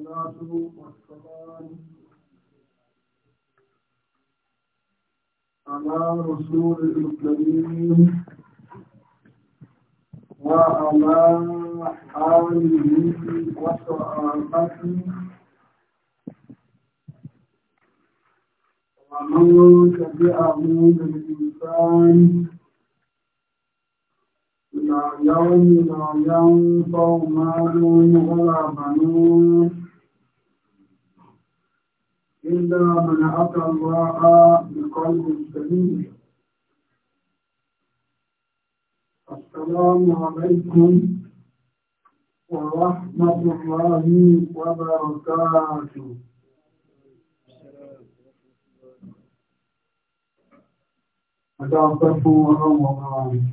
والصلاة والسلام على رسول الكريم وعلى آله وصحابته ومن تبعه بالإنسان إلى يوم لا ينفع مال ولا بنون إلا من أتى الله بقلب سليم السلام عليكم ورحمة الله وبركاته Adáàpẹ́fún ọlọ́run ọba rẹ̀.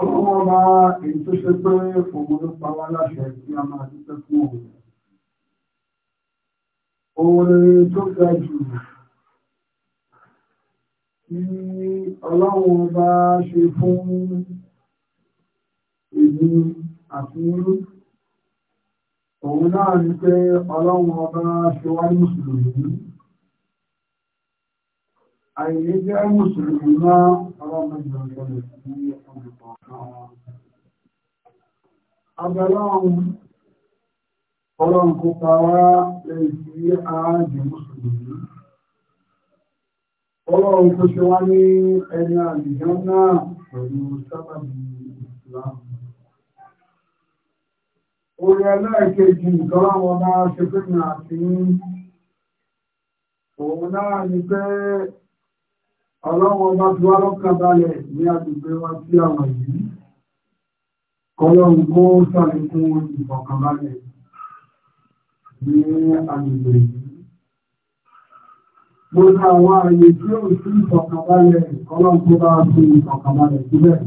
Ọlọ́run ọba èyí tó ṣe pé òun ló pa wá láṣẹ tí a máa dúpẹ́ fún òun. orin tó ga jù tí ọlọ́run bá ṣe fún èmi àti irú òun náà ní pé ọlọ́run ọba ṣe wá mùsùlùmí àìyé jẹ́ mùsùlùmí náà ọlọ́run ìjọba ìjọba ìjọba ọ̀kan abẹ́lọ́run ọlọ́run kó pa wá lẹ́yìn tí a ń di mùsùlùmí ọlọ́run kó ṣe wá ní ẹni àdìyàn náà pẹ̀lú sábàbí ìsìláàmù orí ẹlẹ́ẹ̀kejì nǹkan láwọn máa ṣe fẹ́mi àti òun náà ni pé ọlọ́wọ́n bá fi wá lọ́kàn balẹ̀ ní agbègbè wa sí àwọn yìí kọlọ́run kó ṣàlékún ìfọ̀kànbalẹ̀ ní agbègbè yìí. Gbogbo àwọn ààyè tí ó sí ìfọ̀kànbalẹ̀ ọlọ́run tó bá fi ìfọ̀kànbalẹ̀ síbẹ̀.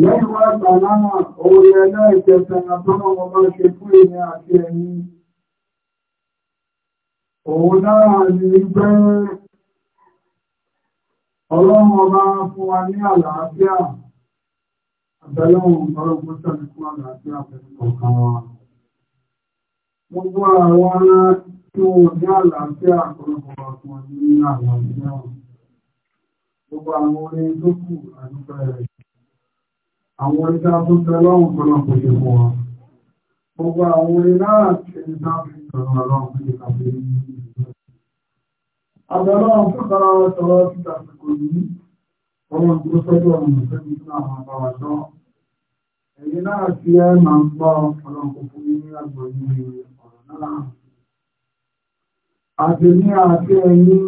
Lẹ́yìn wá gbà náà, orí ẹlẹ́ẹ̀kẹta àtọ́nà wọn bá ṣe fún èmi àti ẹ̀yin. Òun náà ní pé ọlọ́run ọba fún wa ní àlàáfíà. Àbẹ̀lọ́run ọlọ́run tó ṣàlékún àlàáfíà pẹ̀lú ọ̀kan wa gbogbo àwọn tí wọ́n ní àlàáfíà ọ̀pọ̀lọpọ̀ àwọn ní àwọn mìíràn gbogbo àwọn orin tó kù àdúgbò rẹ̀ àwọn orin tá tó tẹ lọ́wọ́ ọ̀pọ̀lọpọ̀ yẹ fún wa gbogbo àwọn orin náà ṣe tá fi sọ̀rọ̀ ọlọ́run fún ìka pé abẹ́lọ́run tó tara wọn sọ̀rọ̀ títà sí kò ní ọlọ́run sọ́jọ́ ọ̀nà sẹ́yìn fún àwọn àbáwá náà ẹ̀yin náà ti ẹ̀ máa ń gbọ́ ọlọ́run kò fún yín ní àgbọ̀nyí rẹ̀ àti ní àti ẹni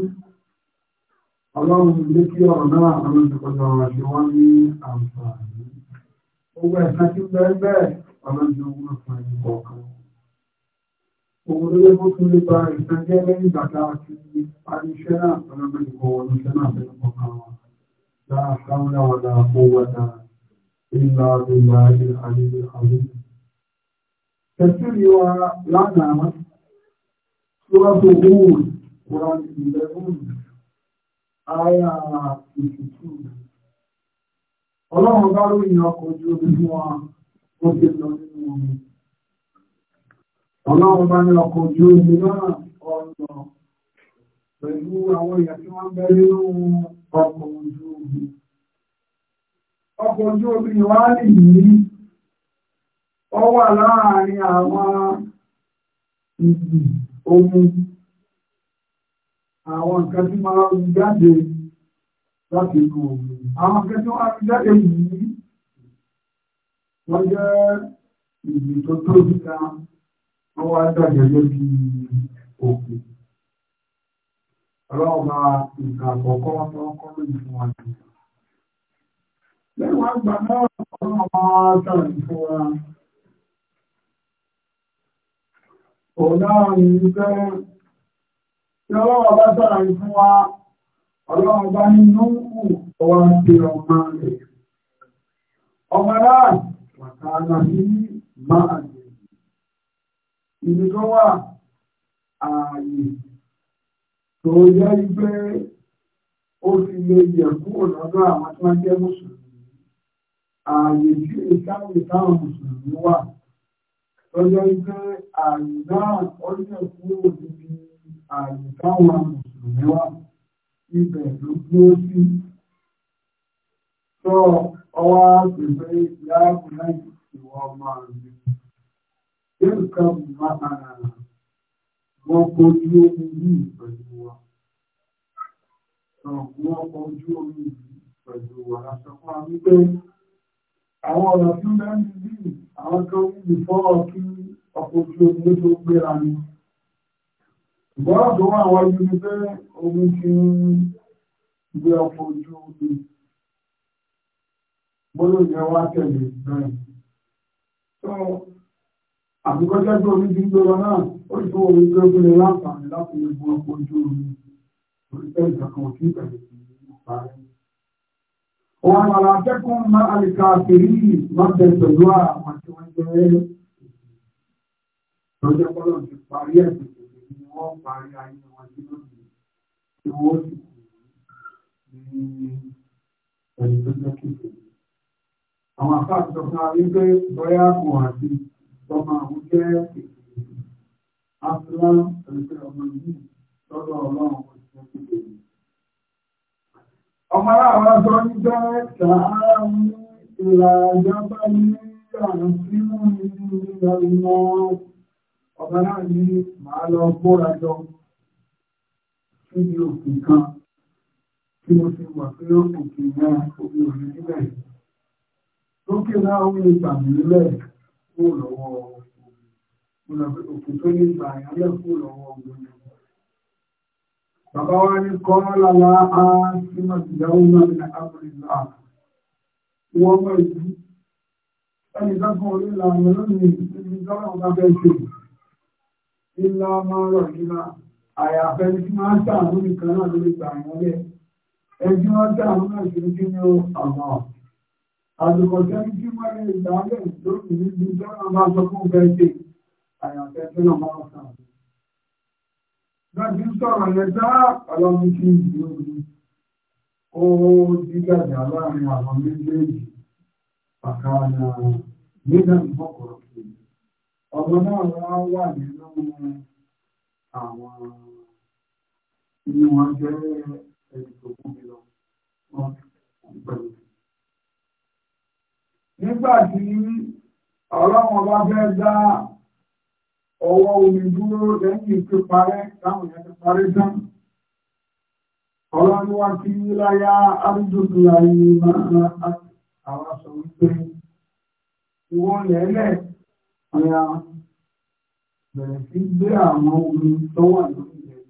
ọlọ́run lé kí ọ̀rọ̀ náà àwọn ìṣẹ̀kọ̀jọ àti wọ́n ní àǹfààní owó ẹ̀sán tí bẹ́ẹ̀ bẹ́ẹ̀ ọlọ́jọ́ owó ọ̀sán ìwọ̀ kan òun ló lé mú tún lé ba ìṣẹ́ jẹ́ lẹ́yìn bàtà àti Tẹ̀sílì wa lánàá lọ́wọ́tò wúwù Quran 11 aya 52. Ọlọ́run bá ròyìn ọkọ̀ ojú omi fún wa ó ti lọ nínú omi. Ọlọ́run bá ní ọkọ̀ ojú omi náà ọ̀nà pẹ̀lú àwọn èèyàn tí wọ́n ń nínú ọkọ̀ ojú omi. Ọkọ̀ ojú omi wá nìyí ó wà láàrin àwọn ìgbì omi àwọn nǹkan tí máa ń jáde láti inú omi àwọn nǹkan tí wọ́n á jáde yìí wọ́n jẹ́ ìgbì tó tóbi ká wọ́n wá jáde lórí òkè nǹkan àkọ́kọ́ tó ń kọ́ fún wa lẹ́yìn gbà náà fún wa òun náà ní wípé tí ọlọ́wọ́ bá sàlàyé fún wa ọlọ́wọ́ bá ní núhù ọwọ́ ń pe ọmọ rẹ̀ ọmọ náà wàkàrà sí máa ní ibi tó wà ààyè tó yẹ wípé ó fi lè yẹ kúrò lọ́dọ̀ àwọn tí wọ́n jẹ́ mùsùlùmí wà lọ́jọ́ ipé ààyè náà ọjọ́ kúrò níbi ààyè táwọn mùsùlùmí wà ibẹ̀ ló dúró sí sọ ọwá pèsè ìyáàbù náà ìwọ máa ń rí nǹkan máa àrà wọn kojú omi yìí pẹ̀lú wa sọ wọn kojú omi yìí pẹ̀lú wa lásán fún wa wípé àwọn ọ̀nà tí ó lẹ́nu bí àwọn tó ń bí fọ́rọ̀ kí ọkọ̀ ojú omi tó gbéra ni ìgbọ́rọ̀ tó wà wọ́n ju ni pé omi ti ń gbé ọkọ̀ ojú omi bọ́lọ̀ yẹn wá tẹ̀lé bẹ́ẹ̀ tó àbíkọ́jẹ́ tó omi ti ń gbéra náà ó sì wọ́n omi tó gbélé láǹfààní láti lè bu ọkọ̀ ojú omi orí tẹ̀lé kankan kí ìbẹ̀rẹ̀ sí ní ìparí wala takun ma'al kafirin má bẹ̀rẹ̀ pẹ̀lú àwọn tí wọ́n jẹ́ lọ́jọ́ bọ́lọ̀ ti parí ẹ̀sìn kòkòrò ni wọ́n parí ayé wọn sí lónìí tí wọ́n sì kù ní ẹ̀sìn tó jẹ́ kékeré. àwọn àfáàtì sọ fún wa wípé bóyá kò àti ọmọ àwọn lọ́dọ̀ ọlọ́run kò sí kékeré ọmọ aláwọ̀ sọ ní bẹ́ẹ̀ tààrà mú ìlà ìjọba ní ìlànà tí mú ní ìlú ìlú ọba náà ní màá lọ gbóra jọ síbi òkè kan tí mo ti wà pé òkè náà omi ò ní níbẹ̀ lókè náà ó lè gbà mí kó lọ́wọ́ òkè tó lè gbà yálẹ̀ kó lọ́wọ́ òkè Bàbá wa ní kọ́ lọ́la á sí Màtìdáwó náà ní Áfíríkà. Wọ́n mọ̀ ìlú. Ẹni dákan orí ìlànà lónìí níbi tọ́lá ọba fẹ́ ṣe. Ilá máa rọ̀ nílá. Àyàfẹ́ tí máa ń sàánú nìkan náà lórí ìgbà àwọn ẹ̀. Ẹjú wọn sàánú náà ṣe ń kí ní ọ̀nà. Àdùkọ̀ sẹ́ni tí wọ́n lè gbà á lẹ̀ lónìí níbi fẹ́ ṣe. Àyàfẹ́ tí náà máa ń sàánú láti sọ̀rọ̀ yẹn dá ọlọ́run kí ìlú omi ó dígàjà láàrin àwọn méjèèjì pàkàrà nígbà ìfọkọ̀rọ̀ kiri ọmọ náà wọ́n wà nínú àwọn inú wọn jẹ́ ẹni tó kú mi lọ wọ́n pẹ̀lú. nígbà tí ọlọ́run bá fẹ́ dá ọwọ́ omi dúró lẹ́yìn tó parẹ́ láwọn ìyẹn tó parẹ́ tán ọlọ́niwá kí láyá arúgbòdó ayé máa àwọn sọ wípé ìwọ́n lẹ́lẹ̀ ọ̀yà bẹ̀rẹ̀ sí gbé àwọn omi tó wà lórí ilẹ̀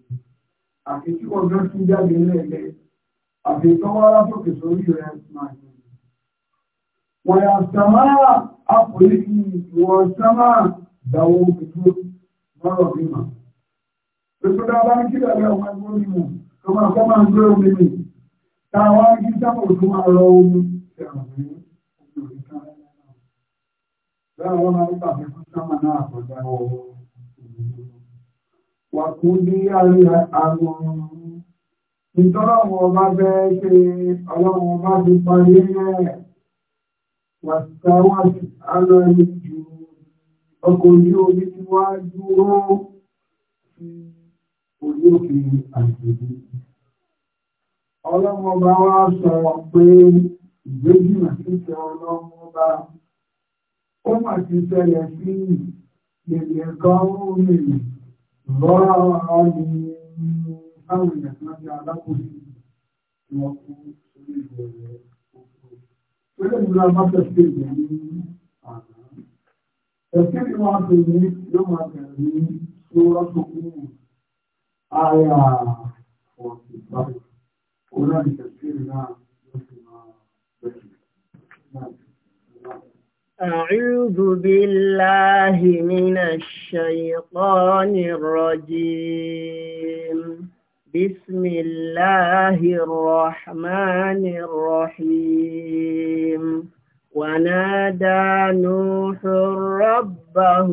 àti tí ọjọ́ tí jáde lẹ́lẹ̀ àti tọ́wọ́ aláfòkè sórí rẹ̀ máa jẹ́ wọ̀nyà sàmáà àpòlì ìwọ̀n sàmáà dáwó dúdú lọ́rọ̀ bímọ. Òṣùdá bá ní kílẹ̀ rẹ̀ ọmọ ẹgbẹ́ omi mu, tó máa fẹ́ máa ń gbé omi mi. Ta wá ní sábà tó máa rọ omi ẹ̀rọ mi omi òní ká lẹ́yìn náà. Bẹ́ẹ̀ wọ́n máa ń pàṣẹ fún sábà náà àkọ́jà wọ wà kú ní àríyá àwọn ìtọ́lá wọn bá bẹ́ ṣe ọlọ́run bá ti parí rẹ̀ wà sáwà àlọ́ yìí ọkọ̀ ojú omi tí wá dúró sí orí òkè àjèjì. Ọlọ́mọba wá sọ pé ìgbéjìmọ̀ títẹ ọlọ́mọba ó mà ti ṣẹlẹ̀ sí ìrìn kan omi lọ́rọ̀ ọ̀rọ̀ ni báwọn èèyàn kan ní alákòóso tí wọ́n kú sórí ìwọ̀n rẹ̀. Pẹ̀lú ìlú Amáfẹ́fẹ́ ìgbẹ̀rún àná. فكيف ما تريد يوم الدين سورة كون آية وصفات هنا بتفسيرنا يسمى أعوذ بالله من الشيطان الرجيم بسم الله الرحمن الرحيم ونادى نوح ربه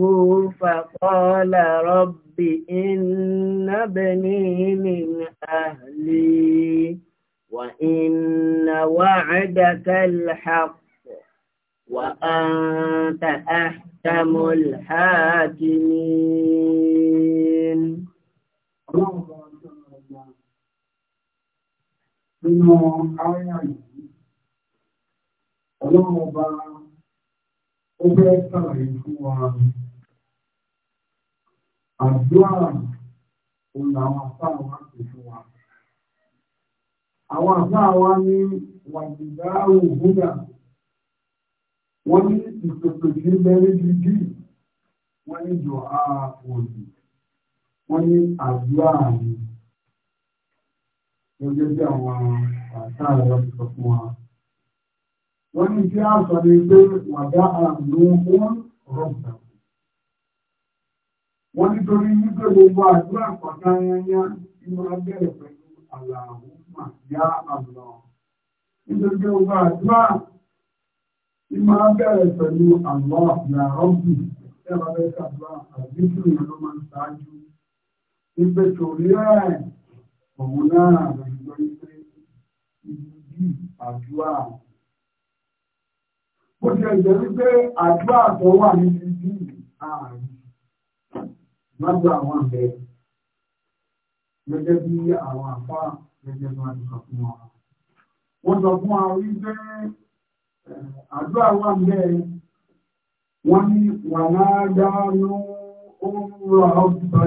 فقال رب إن ابني من أهلي وإن وعدك الحق وأنت أحكم الحاكمين Nínú àwọn ọlọ́run ọba ó fẹ́ sàlàyé fún wa àdúrà òun làwọn afáà wa ti fún wa àwọn afáà wa ní wàjúgbà òhúdà wọ́n ní ìpèpè sí mẹ́rin dídì wọ́n ní jọ ààbòdì wọ́n ní àdúrà ni gẹ́gẹ́ bí àwọn àtàrà ti sọ fún wa wọ́n ní tí a sọ ní pé wàdá àlùmọ́n rọ̀bà. Wọ́n nítorí wípé gbogbo àdúrà pàtà yányá tí máa bẹ̀rẹ̀ pẹ̀lú àlàáhùmà yá àlọ́. Nítorí pé gbogbo àdúrà tí máa bẹ̀rẹ̀ pẹ̀lú àlọ́ yá rọ̀bì ẹ̀rọ abẹ́ sàdúrà àbí tí àdúrà. Ó ti ẹ̀jẹ̀ wípé àdúrà tó wà ní ibi ààrùn lọ́dọ̀ àwọn àbẹ̀ gẹ́gẹ́ bí àwọn àfá gẹ́gẹ́ bí wọ́n ti sọ fún wa. Wọ́n sọ fún wa wípé àdúrà wà níbẹ̀ wọ́n ní wà máa dá ló ń rọ̀ ọ́ bá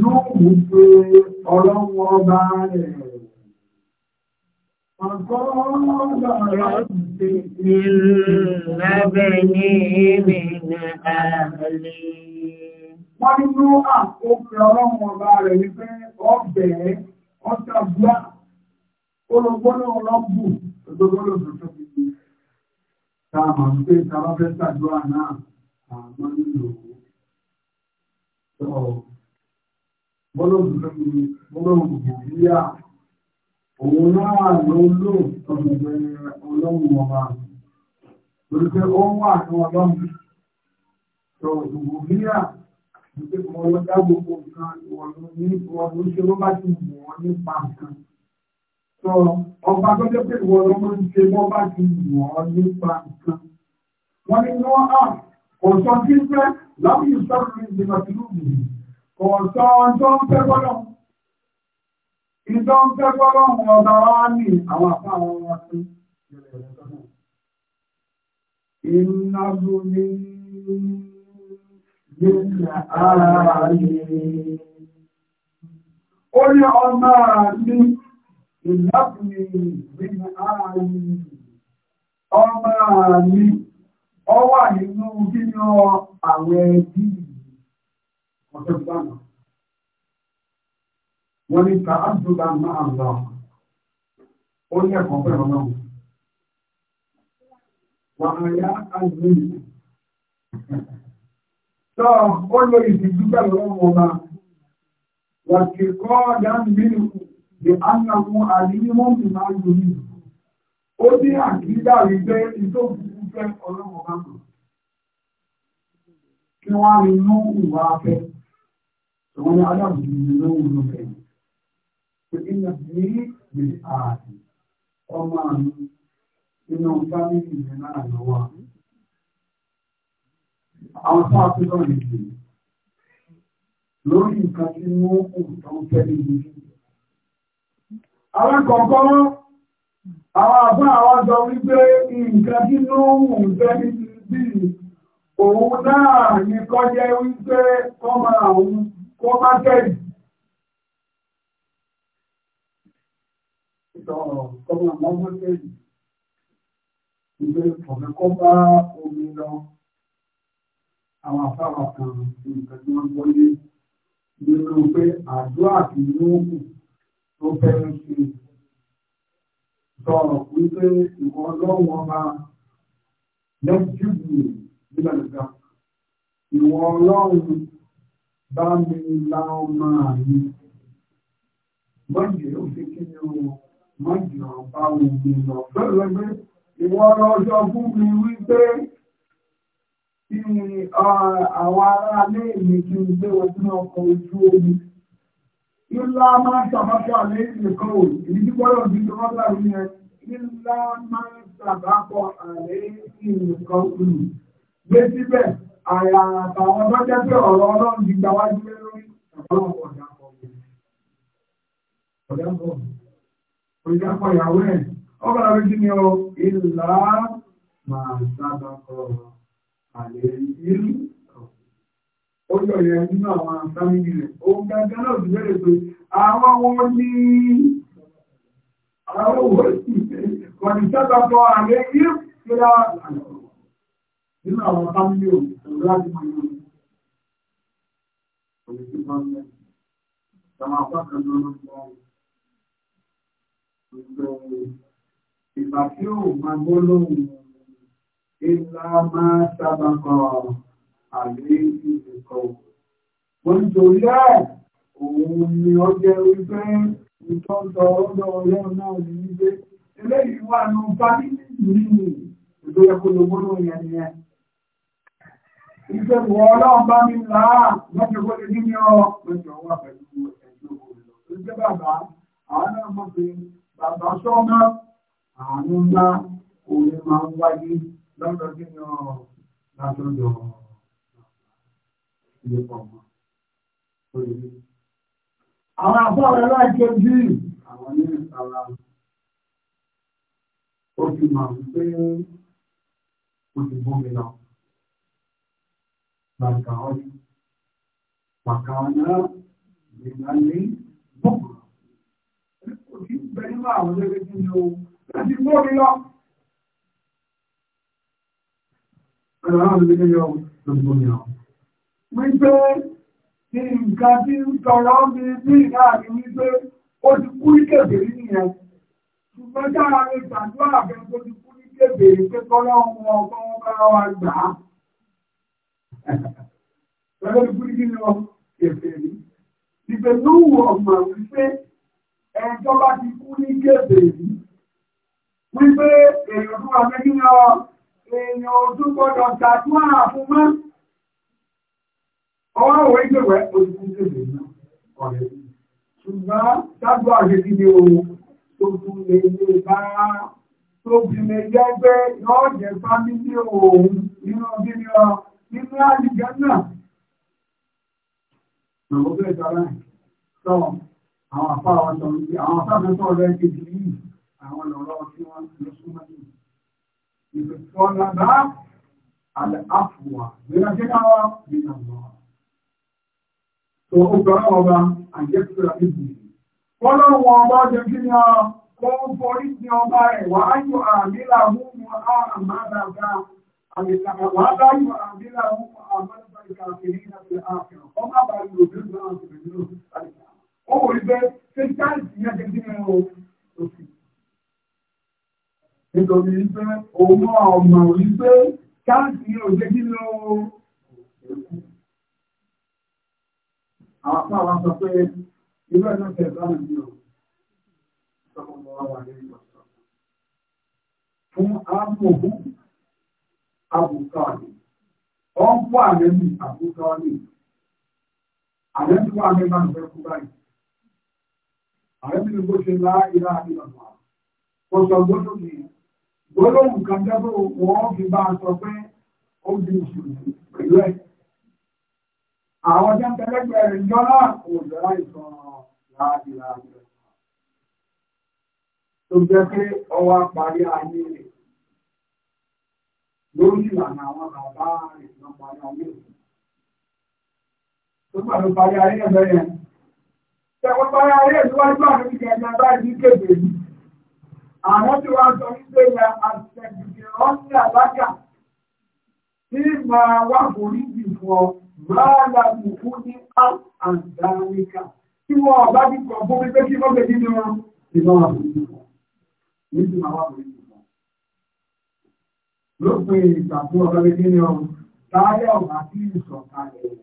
lóòmù pé ọlọ́run ọba rẹ̀. وقال رب إن بني من أهلي wọ́n ní nóà ó fi ọlọ́run ọba rẹ̀ wípé ọbẹ̀ ọ̀tàbíà olùgbọ́nà ọlọ́bù òdòdó tó fi di tá a máa ń pè tá a bá fẹ́ ṣàdúrà náà àmọ́ nílò owó. bọ́lá òdòdó tó fi di bọ́lá òdòdó yíyá òun náà ló lò ọ̀gbẹ̀gbẹ̀ ọlọ́run ọba torí pé ó wà ní ọlọ́run tó ìwò bíyà wípé wọn ló dá gbogbo nǹkan ìwọ̀n ní ìwọ̀n ló ṣe ló bá ti wù wọ́n nípa nǹkan tó ọba tó jẹ́ pé ìwọ̀n ló ń ṣe wọ́n bá ti wù wọ́n nípa nǹkan wọ́n ní wọ́n á ọ̀sán tí ń fẹ́ láwùjọ sọ́ọ̀rù ìdìbò tìlú kọ̀ọ̀sán tó ń fẹ́ gbọ́dọ̀ Ìjọ ń fẹ́ gbọ́lọ́run ọba wá ní àwọn àpá àwọn ọmọ sí Iná ló ní Yíká ààrẹ. Ó ní ọmọ ní ìlàkùnrin ìgbìmọ̀ ààrẹ. Ọmọ ní ọ nínú kí ní àwọn ẹbí ọ̀tọ̀ wọ́n ní ta àdúgbà máa lọ ó ní ẹ̀kọ́ pẹ̀lú náà wà á yá àgbẹ̀yìn tó ó lè ìdíjú pẹ̀lú ọmọ ọba wà kí kọ́ ọ̀dà nínú di ánàmú àdínnímọ́ mi máa ń lórí ó ní àkídà rí pé ìtò òkú fẹ́ ọlọ́mọ bá mọ̀ kí wọ́n á rí inú ìwà afẹ́ ìwọ́n ni adáàbò ìrìnlẹ́wò lọ́fẹ̀ẹ́ ìdílé ní ìdílé ààrẹ ọmọ mi inú fámìlì mi náà ló wà. Àwọn fún akúndọ̀ nìyí lórí nǹkan tí wọ́n kù tó ń fẹ́ níbi. Àwọn kọ̀ọ̀kan àwọn àbá àwọn jọ wípé nǹkan tí lóhùn ń fẹ́ níbi bíi òun náà ní kọjá wípé sọ̀rọ̀ kọ́mọ mọ́mọ́tẹ́lì ìgbé ọ̀fẹ́ kọ́ bá omi lọ àwọn afárá kan nǹkan tí wọ́n gbọ́lé nínú pé àdúrà àti yóòkù tó fẹ́ẹ́ ṣe sọ̀rọ̀ wípé ìwọ̀n lọ́wọ́ máa lẹ́jùbù nígbà nígbà ìwọ̀n ọlọ́run bá mi la mọ́jọ bá omi lọ lọ́lọ́gbé ìwọ ọlọ́jọ́ fún mi wípé kí ni àwọn ará ilé mi kí n gbé wọn sínú ọkọ̀ ojú omi ńlá máa ń sàbápọ̀ àlẹ́ nìkan ò èyí tí gbọ́dọ̀ bí wọ́n gbà wí yẹn ńlá máa ń sàbápọ̀ àlẹ́ nìkan ò gbé síbẹ̀ àyà àtàwọn tó jẹ́ pé ọ̀rọ̀ ọlọ́run ti gbà wájú lórí ọ̀rọ̀ ọ̀dà ọ̀gbìn ọ̀dà ọ̀gbìn òyìnbó ìyàwó ẹ̀ ọba rẹ̀ kí ni ọ ìlà máa sábà kọ àlẹ́ ìlú ó yọ yẹ nínú àwọn àǹfààní rẹ̀ òun gangan náà ti bẹ̀rẹ̀ pé àwọn wọn ní àwọn wọn sì kọ̀ ní sábà kọ àlẹ́ ìlú kíra nínú ìgbà tí ó máa gbólóhùn ìlà máa sábà kan àlè ìrìnkọ̀. Wọ́n torí ẹ̀ òun ni ó jẹ́ wípé ìtọ́jọ́ ọ̀dọ̀ ọlọ́run náà ní wípé eléyìí wà ní báyìí nínú ìgbéyà kó ló gbólóhùn yẹn nìyẹn. Ìṣe wọ ọlọ́run bá mi là á mẹ́jọ kó lè ní ní ọ mẹ́jọ wà pẹ̀lú ẹ̀jọ̀ òun lọ. Ó jẹ́ bàbá àwọn náà mọ̀ pé bàbá sọ́mọ́ àánú ńlá orin máa ń wáyé lọ́dọ̀ kí ni ọ látọ̀dọ̀ ilé pọ̀mọ́ orí. Àwọn afọ́rẹ́ láìkejì àwọn ní ìsara ó fi mọ̀ wípé ó ti bómi lọ. Bàkà ọ̀yọ́, bàkà ọ̀yọ́, ìgbàlẹ́, bọ̀kùrọ̀ òbí bẹ nínú àwọn olóore tí ní o láti mú omi lọ. Ẹ̀rọ náà ló lé yọ gbogbo ni ọ. Wípé kí nǹkan tí ń tọrọ mi ní ìdáàbí wípé ó ti kú ní kèbèrè nìyẹn. Ṣùgbọ́n dára lè gbàdúrà bẹ́ẹ̀ tó ti kú ní kèbèrè pé kọ́lọ́ wọn ọkọ̀ wọn bá wa gbà á. Ẹ̀rọ ti kú ní kí ni ọ kèbèrè. Ìgbèlú ọ̀gbọ̀n wípé ẹjọ́ bá ti kú ní kébèrí wípé èèyàn tó wà mẹ́kí lọ èèyàn ojú gbọ́dọ̀ tàbí àfún mọ́ ọwọ́ òwe ìgbèwẹ́ ojú kébèrí náà ọ̀rẹ́ ṣùgbọ́n dájú àgbègbè ni ohun tó tún lè lè bá tó fi lè jẹ́ pé yóò jẹ́ fámílì òun nínú bí ni ọ nínú àdìgẹ́ náà. Àwọn ọ̀gbẹ́ ìtara ẹ̀ sọ̀rọ̀ àwọn àpá àwọn sọ wípé àwọn sáfẹ́ sọ̀rọ̀ rẹ̀ kejì yìí àwọn lọ́rọ̀ tí wọ́n lọ súnmọ́ sí. ìfẹ̀sọ̀nàdá àlẹ́ àfùwà nínú ṣé káwá nínú ọ̀nà. tó o gbọ́dọ̀ ọba àjẹsíra níbi. kọ́lọ́ wọn ọba jẹ́ kí ni ọ kó ń forí sí ọba rẹ̀ wà á yọ àmìlà múmu àmàdàgà wà á bá yọ àmìlà múmu àmàdàgà kìnnìkan fi àfihàn ọmọ àbáyọ ó wò wípé ṣé táǹkì yẹn ti dín o òsì. nítorí wípé òun ọ̀mọ̀ wípé táǹkì yẹn ò jẹ́ kí ló èkú. àwọn afọ àwọn sọ pé irú ẹ̀ náà tẹ̀ sáà ní o. Fún àbùkù àbùkù àbùkù ọ̀pọ̀ àrẹ́mì àbúkọ́ ní àrẹ́mì wà mẹ́bàá ìfẹ́kú báyìí àrẹ́bìnrin bó ṣe lá ìlà àdìbàbà kò sọ gbọ́dọ̀ ní gbọ́dọ̀hùn kan jẹ́bọ̀ wọ́n fi bá a sọ pé ó di mùsùlùmí pẹ̀lú ẹ̀ àwọn jẹ́ tẹ́lẹ́gbẹ̀ẹ́ rẹ̀ jọ náà kò jọra ìtàn láàbì láàbì tó jẹ́ pé ọwọ́ parí ayé rẹ̀ lórí ìlànà àwọn bàbá rẹ̀ lọ parí ayé rẹ̀ tó pàdé parí ayé rẹ̀ bẹ́ẹ̀ Tẹ̀wọ́pára ayé ìwájú àwọn ìgbẹ̀gbẹ̀ báyìí kéde yìí. Àwọn tí wọ́n sọ wípé ya àtẹ̀gbẹ̀gbẹ̀ ọ́nì àlákà tí máa wá borí jù fún ọ máa la bùkú ní áp àdáríkà. Tí wọ́n bá bí kọ̀ fún mi pé kí wọ́n gbèdí ni wọn, ìlú wọn borí jù fún ọ. Níbi máa wá borí jù fún ọ. Lópin ìgbà tí wọ́n bá gbèdí ni ọ, táyà ọ̀gá sí ìsọ̀kalẹ̀.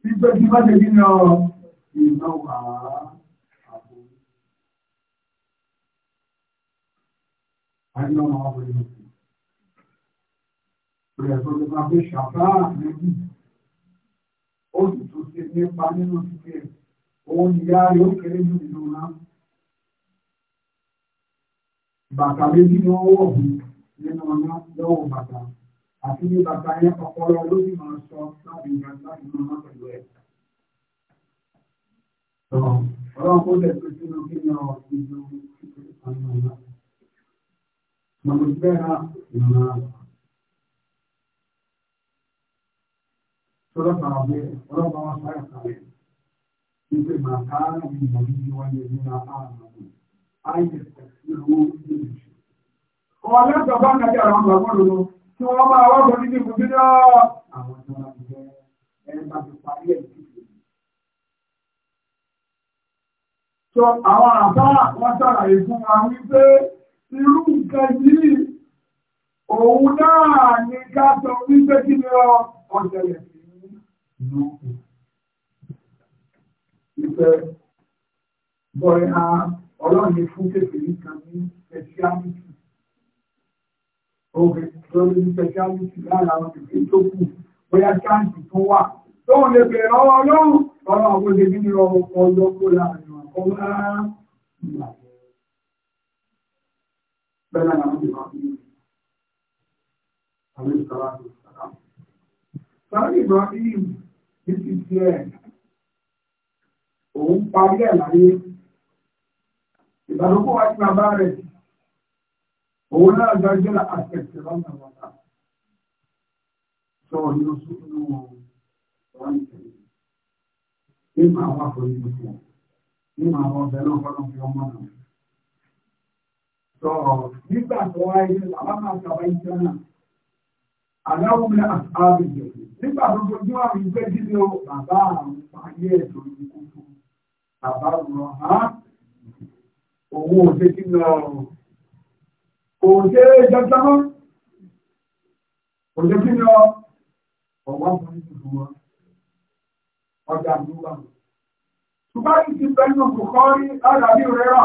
Gbígbé kí wọ́n gbèdí ni ọ bíi mẹ́wàá àbò. Àìlọ́ máa wọ ìlú. Bẹ̀rẹ̀ tó lè máa fi ṣàfáà méjì. Ó sì tún ṣe nípa nínú títẹ̀. Òun ìyá yóò kéré jù nínú náà. Bàtà méjì ni wọ́n wọ̀ nínú ọ̀nà lọ́wọ́ bàtà. Àti ní bàtà yẹn ọpọlọ ló máa sọ láti ìgbà láti máa pẹ̀lú ẹ̀. Ọlọ́run kó lẹ̀ tó sínú kí ni ọ̀rọ̀ ìjọ àwọn ọ̀la. Màmú ti bẹ́ẹ̀ náà ìrìnà sọ́dọ̀ bàbá bẹ́ẹ̀ ọlọ́pàá wọn sáré kàlẹ̀. Wípé màá ká ní ìmọ̀lú yìí wáyé nínú àárọ̀ ọ̀hún. Ayé ẹ̀sìn owó ilé ìṣù. Ọmọ alẹ́sọ̀ bá ń kájí àwọn ọmọ ọgbọ́n tí sọ àwọn àbára wọ́n ṣàlàyé fún wa wípé irú nǹkan yìí òun náà ní ká sọ wípé kí ni ọ ọ̀sẹ̀lẹ̀ sí inú ìfẹ́ bọ́ẹ̀há ọlọ́run fún kékeré kan ní speciality obìnrin tó ní speciality lára àwọn kékeré tó kù bóyá chance tó wà tóun lè bèèrè ọwọ́ ọlọ́run ọ̀rọ̀ àwọn òde bí nírọ̀ ọjọ́ kó láàrin ọ̀kọ́lá ìgbà bẹ́ẹ̀ náà làwọn ìgbà fún mi àwọn ìsọ̀rọ̀ àti ìsọ̀rọ̀ sọ́rọ̀ Ibrahim ní ti ti ẹ̀ òun parí ẹ̀ láyé ìbálòpọ̀ wá sí bàbá rẹ̀ òun náà gbàgbé àtẹ̀tẹ̀ lọ́nà wọn sọ̀rọ̀ ní oṣù nínú wọn nípa àwọn àforíjì fún ọ nípa àwọn ọbẹ̀ náà fọ́nà fi ọmọ náà. Sọ̀rọ̀ nígbà tó wáyé àbámá àtàwọn iṣẹ́ náà aláwọ̀ mi àbí jẹ̀ nígbà tó fojú àmì gbé dídé o bàbá àrùn ayé ẹ̀tọ́ ìdíkú fún bàbá rọ̀ á owó òṣè kí lọ kò ṣe é jọjọ́ òṣè kí lọ ọ̀wá fún ìdíkú wọn ọjà àdúgbà. Ṣùgbọ́n kì í ti bẹ́ẹ̀ nù Bùkọ́rí àdàbí rẹ̀ rà.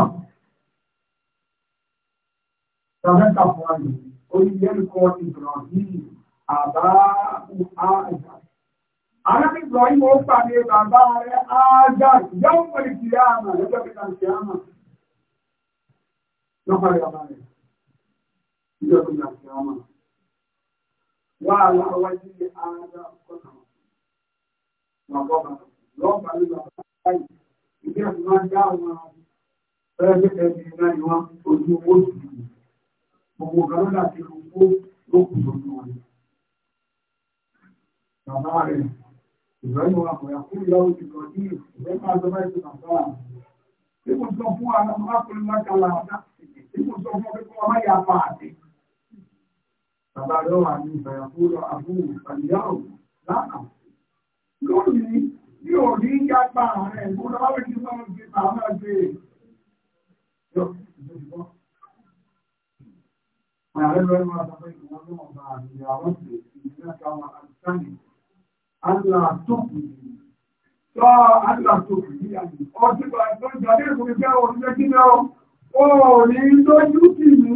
Ṣàmẹ́ta fún wa nìyí, oníyẹ́nu kọ́ Ibrahim Àbáàbù Ájà. Àrẹ́bí Ibrahim ó pàdé bàbá rẹ̀ Ájà yóò pẹ̀lú kìíyàmà lọ́jọ́ pẹ̀lú kìíyàmà. Lọ́pàá rẹ̀ bàbá rẹ̀. Ìjọba ìjọba ìjọba. Wà á láwájú Ájà bàbá lọ́ọ̀bà ló bàbá báyìí ìdí àti máa ń dá àwọn pẹ́ẹ́sẹ̀kẹ́ bí iná ni wọ́n ojú owó sí i gbogbo kan lọ́dà tí ó kó ló kù lójú wọn. bàbá rẹ̀ ìrẹ́nu àkọ́yà kú ìyàwó ti lọ sí ìrẹ́ máa lọ bá lónìí ní òní yàgbà rẹ̀ gbọ́dọ̀ wá wí kí wọ́n fi bàbá gbé e. Ààrẹ lọ́wọ́ máa sọ pé ìwọ́n náà bá àmì àwọn ṣe ìdílé àwọn àìsàn aláàtòkù yìí. Sọ aláàtòkù yìí àmì. Ọtí bá tó ń jáde ìkùnrin jẹ́ òṣìṣẹ́ kí lọ, ó ní lójú kì mí.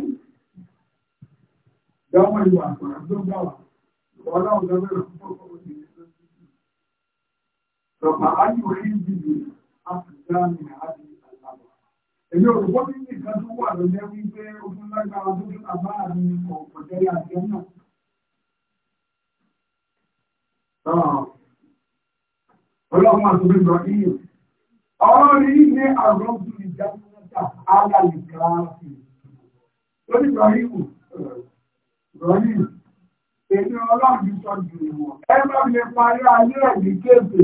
Ìyá ọmọ ìwà àpàrà tó gbà wà. Ọlọ́run lọ́wọ́ فأي عندي أفضل من هذه الأمر èyí olùkọ́ mi ní nǹkan tó wà lọ́lẹ́ wípé ó fún lágbára tó tún àbá mi ọ̀pọ̀ jẹ́rẹ́ àjẹ́ náà. ọlọ́run àtúntò ìgbà yìí ọ̀rọ̀ yìí ní àrùn tó lè já sí mẹ́ta ágàlì káàsì lórí ìgbà yìí ìgbà yìí èmi ọlọ́run ti sọ jù wọ́n ẹ bá mi parí ayé ẹ̀ ní kéèké.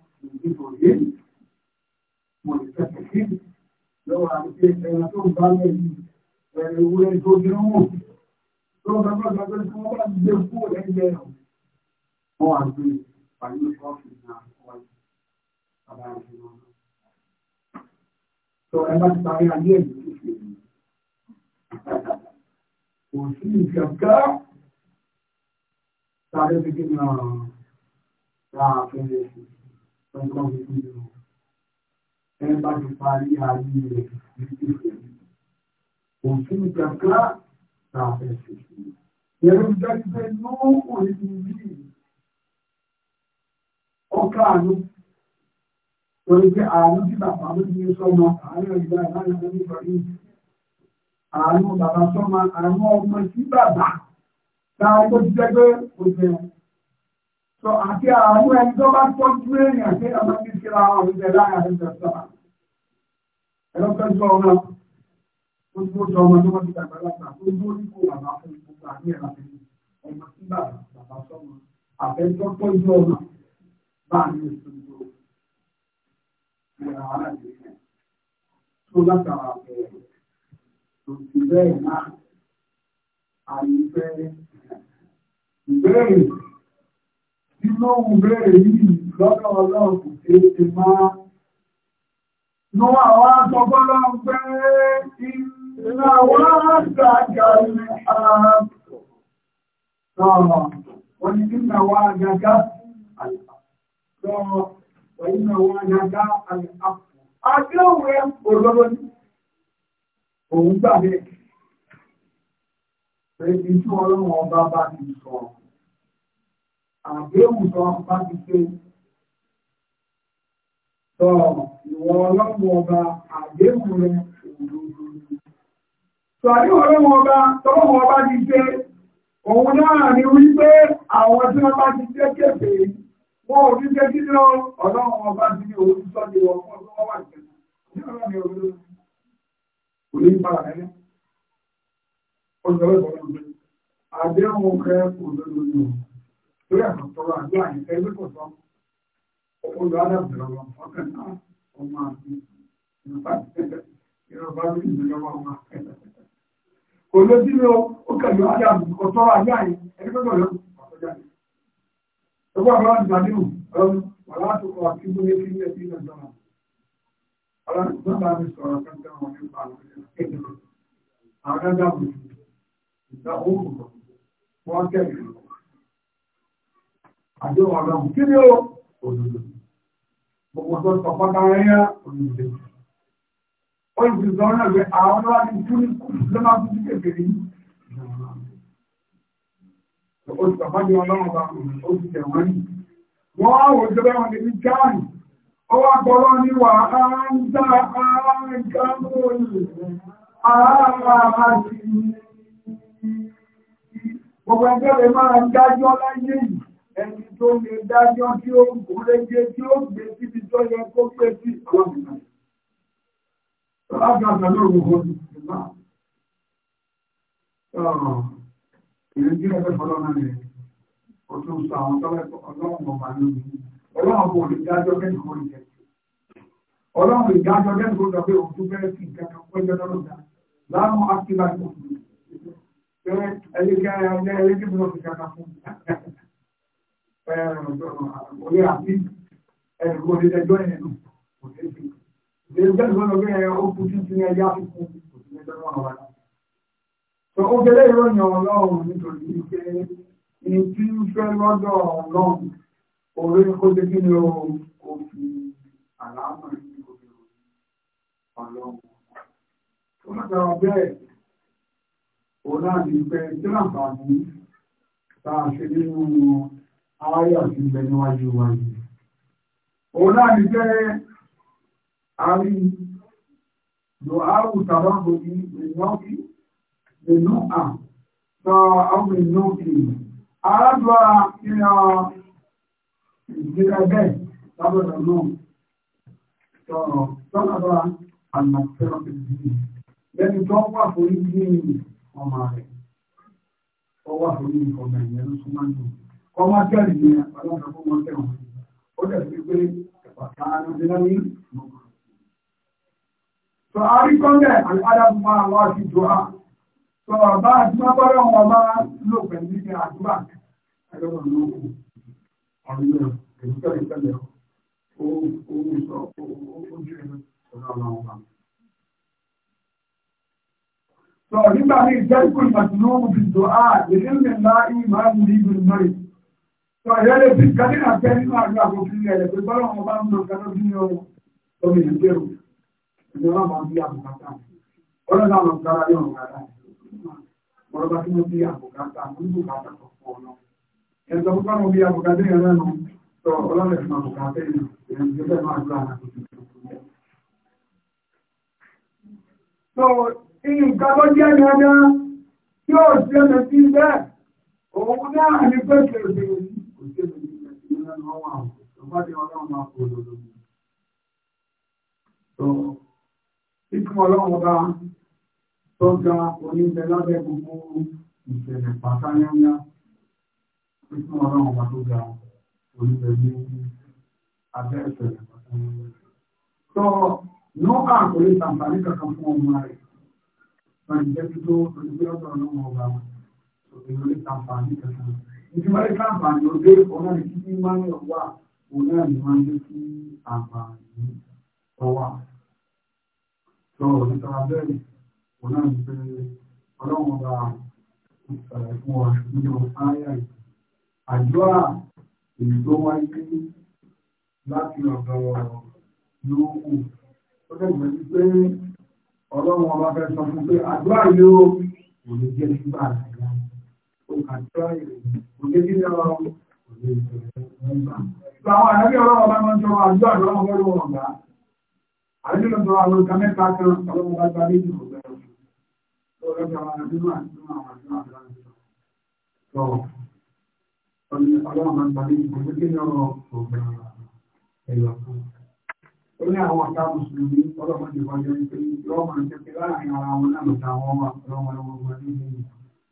me siento bien, molestar gente. Luego, a veces, en la zona, el güey, yo quiero mucho. Todos los demás, la como para mi Dios, por el dinero. O así, para irme a oficina, ọjọ́ ìpínlẹ̀ o ẹ bá ti parí ayé rẹ̀ títí ìfẹ̀mí òfin kàkà a ẹ̀sìn yẹn ń dájú pé lóòkù níbi yìí ọkà àánú torí pé àánú tí bàbá ló ti ń sọmọ àánú ìgbà ìlànà tó ń sọ yìí àánú bàbá sọmọ àánú ọmọ sí bàbá táwọn tó ti jẹ́ pé kò jẹun. sọ àti àánú ẹni tó bá tọ́jú èèyàn tí a máa ń kíra àwọn òṣìṣẹ́ láàárín ìjọ sọ́ra ẹ̀rọ pẹ́jọ ọmọ tó tó jọ ọmọ tó wọ́n ti dàgbà láta tó ń lórí kó bàbá fún gbogbo àmì ẹ̀rọ pẹ̀lú ọmọ tí bàbá bàbá sọ́mọ àfẹ́jọ́ tọ́jú ọmọ bá a ní ìṣòro ìrànwọ́ láti rí tó látara bẹ̀rẹ̀ tó ti bẹ́ẹ̀ náà àyè fẹ́ ìbéèrè. nínú ohun bẹ̀rẹ̀ yìí lọ́dọ̀ ọlọ́run kò ṣe é ṣe máa. Nú àwọn aṣọ́gbọ́lọ́ ń pẹ́ iná wọ́n ṣàkà ní ààrẹ. Sọ̀rọ̀ wọ́n ní iná wá gàgá àlùfà. Sọ̀rọ̀ wọ́n iná wá gàgá àlùfà. Adéhùn ẹ̀ òdodo ní òun gbà bẹ́ẹ̀. Pẹ̀lú tí ọlọ́run ọba bá ti sọ̀rọ̀ àdéhùn tó bá ti ṣe sọ ìwọ ọlọ́run ọba àdéhùn rẹ òdodo sọ àdéhùn ọlọ́run ọba tọ́lọ́run ọba ti ṣe òun náà ni wípé àwọn tí wọ́n bá ti ṣe kéfè wọn ò ní ṣe kí lọ ọlọ́run ọba ti ní òun sọ ní wọn fún ọdún wọn wà jẹ ní ọlọ́run ni òdodo kò ní padà rẹ ọjọ́ ìbọn àdéhùn rẹ òdodo ni òun lórí àwọn tọrọ àjọ àyẹ̀fẹ́ ẹgbẹ́ kò tán olú adábìrọ̀wọ̀ ọkàn náà ọmọ àti ìrọ̀bá ìrọ̀bá ní ìgbìyànjú ọmọ akẹ́kẹ̀ẹ́ kò ló dínú ó kẹ̀lú adábìrọ̀ tọrọ àjọ àyẹ̀fẹ́ ẹgbẹ́ kò tán ọ̀tọ́jà ní ọgbọ́n àwọn àgbàdìrù ọlọ́run wà látòkọ̀ àti gbóyè kí ilé ìlú ìjọba ọlọ́run tó bá mi sọ̀rọ̀ kẹ́kẹ́ wọn nípa àwọn ẹgbẹ́ àwọn ẹgbẹ́ àdéhùn ọlọ́run kí ni ó òdòdó gbogbo tó sọ pátá ẹ̀yà òdòdó ó sì sọ náà pé àwọn ọlọ́wà ti tún ní lọ́mà tó ti kékeré yìí ó sì sọpájú ọlọ́run bá ó sì tẹ̀ wọ́n ní wọ́n á wò jẹ́ bẹ́ẹ̀ wọn ní jáàní ó wá gbọ́rọ́ ní wà á ń dá àárín Gbogbo ẹgbẹ́ rẹ̀ máa ń dájọ́ láyé yìí ẹni tó lè dájọ́ tí ó gúnrégé tí ó gbé síbi tó yẹ kó pé sí ọlọ́mìnà. Lágbàgbà náà wò ó ti sì máa. Ìrìn jí ẹgbẹ́ fọlọ́ náà rẹ̀, ó tún sọ àwọn tọ́lẹ́kọ̀ọ́ ọlọ́run ọba lórí. Ọlọ́run kò lè dájọ́ bẹ́ẹ̀ kó lè jẹ́. Ọlọ́run ìdájọ́ lẹ́nu tó dọ̀bẹ́ òkú bẹ́ẹ̀ sí ìkẹta pẹ́jọ́ lọ́dà láàmú akílá ìkọ̀ọ̀dù. Bẹ́ẹ̀ ẹ̀yẹ́kẹ́ ayẹyẹ ẹ̀yẹ́kẹ́ bí wọ́n ti kàkà òye o ẹ̀dùnkún ní ẹjọ́ yẹn nù kò sí sí ìdílé jẹ́ ìgbọ́n lọ́gbẹ́ ẹ̀ de kú sí o ẹjá fífún kò sí ẹjọ́ wọn wà láti. sọ ó gẹ́lẹ́ ìròyìn ọlọ́run nítorí pé ní tí ń fẹ́ lọ́dọ̀ ọlọ́run orí ni o kò fi àlámà ní orí ọlọ́run. tó látara bẹ́ẹ̀ òun náà tá a ayé àti ìbẹ̀ níwájú wa yìí. Òun náà ni jẹ́ àrí lò áwù tàbá gbogbo ìnáwókì nínú à sọ àwọn ìnáwókì. Aládùá ìrìnà ìgbéra bẹ́ẹ̀ lábọ̀dọ̀ náà sọ̀rọ̀ sọ́nàdọ́ àlàfẹ́rọ̀ ìdílé. Lẹ́ni tó wà fún ìdílé ọmọ rẹ̀, ó wà fún ìfọ̀mẹ̀yẹ ló súnmọ́ nù ọmọ akẹ́rì ni àgbàdo ọ̀dọ́ fún ọmọkẹ́ wọn ó dẹ̀ fi pé ẹ̀pàtà ànàbíná ní ìmọ̀kà. sọ àríkọ́ńdẹ̀ àdábù máa wá sí dùá sọ bàbá àti mábọ́rọ̀ wọn bá lò pẹ̀lú ní àdúrà ẹlọ́rọ̀ lóko ọ̀rọ̀ náà èyí tó ń tẹ̀lé ó ń sọ ojú ẹ̀rọ ọ̀rọ̀ àwọn ọba. sọ nígbà ní ìjẹ́kùn ìmọ̀tìlóhùn fi dùá lè ní ìlànà ìmọ̀ àmì ìgbìmọ̀ ìgbìmọ̀ Ọ̀yọ́ lè fi kan nínú àjẹ́ nínú àjọ àgbòfin ilẹ̀ rẹ̀ pé bọ́lá wọn bá ń mọ nǹkan lójú ní ọrùn omi ìgbèrò. Ìjọba máa ń bí àbùkátà. Ọlọ́dà àwọn ọ̀gára yóò rà rà. Ọ̀rọ̀ bá tí wọ́n bí àbùkátà, wọ́n bí bùkátà tó pọ̀ ọ̀nà. Ẹ̀sọ́ púpọ̀ wọn bí àbùkátà yẹn lẹ́nu. Sọ ọlọ́dà fún àbùkátà yẹn, ìrìn ìjọba máa gbà á. Sọ nǹkan ó ṣẹlẹ̀ sí bẹ́ẹ̀, òun náà ní pẹ̀sẹ̀ òṣèlú náà ni wọ́n wà ó ìpàdé ọlọ́run máa kò lòdò mi. tó ikú ọlọ́run bá tó ga oníṣẹ́ lábẹ́ gbogbo ìṣẹ̀lẹ̀ pàtàyányá ikú ọlọ́run bá tó ga oníṣẹ́ ní abẹ́ ìṣẹ̀lẹ̀ pàtàyányá. tó nọ́ọ̀kà kò lè sàǹfààní kankan fún ọmọ rẹ̀ máa ń jẹ́ tó tó oníṣẹ́ ọ̀dọ̀ ọlọ́run ọba òṣèlú lè sàǹfààní kankan ìjọba ìka àǹfààní ọdẹ ọ̀nà ìdílé máa ń wà òun náà ni wọ́n àǹfààní ọwà. sọ nípa bẹ́ẹ̀ òun náà ọlọ́run ọba ìsàlẹ̀ fún wa nínú sáyà yìí. àdúrà èyí tó wáyé láti ọ̀dọ̀ lóòkù ó dẹ̀gbẹ́ sí pé ọlọ́run ọba fẹ́ sọ fún pé àdúrà yóò òun jẹ́ nígbà rẹ̀. Àwọn àrẹ́bí ọlọ́wọ́ bá máa ń jọ àjọ àjọ ọmọ ọlọ́wọ́ ọ̀gá. Àrẹ́bí lọ́jọ́ àwọn ọ̀gá mẹ́ta kan ọlọ́wọ́ bá gbá méjì ọ̀gá ẹ̀rọ. Ọ̀rẹ́ bí àwọn àrẹ́bí máa ń jọ àwọn àjọ àjọ àjọ. Sọ ọlọ́wọ́ máa ń gbá méjì ọ̀gá kí ni ọ̀rọ̀ ọ̀gá ẹ̀rọ fún. Ó ní àwọn ọ̀tá Mùsùlùmí ọlọ́wọ́ ti wájú pé yọ́ máa ń jẹ́ pé láàárín ara wọn náà lọ́ta wọn wà ọlọ́wọ́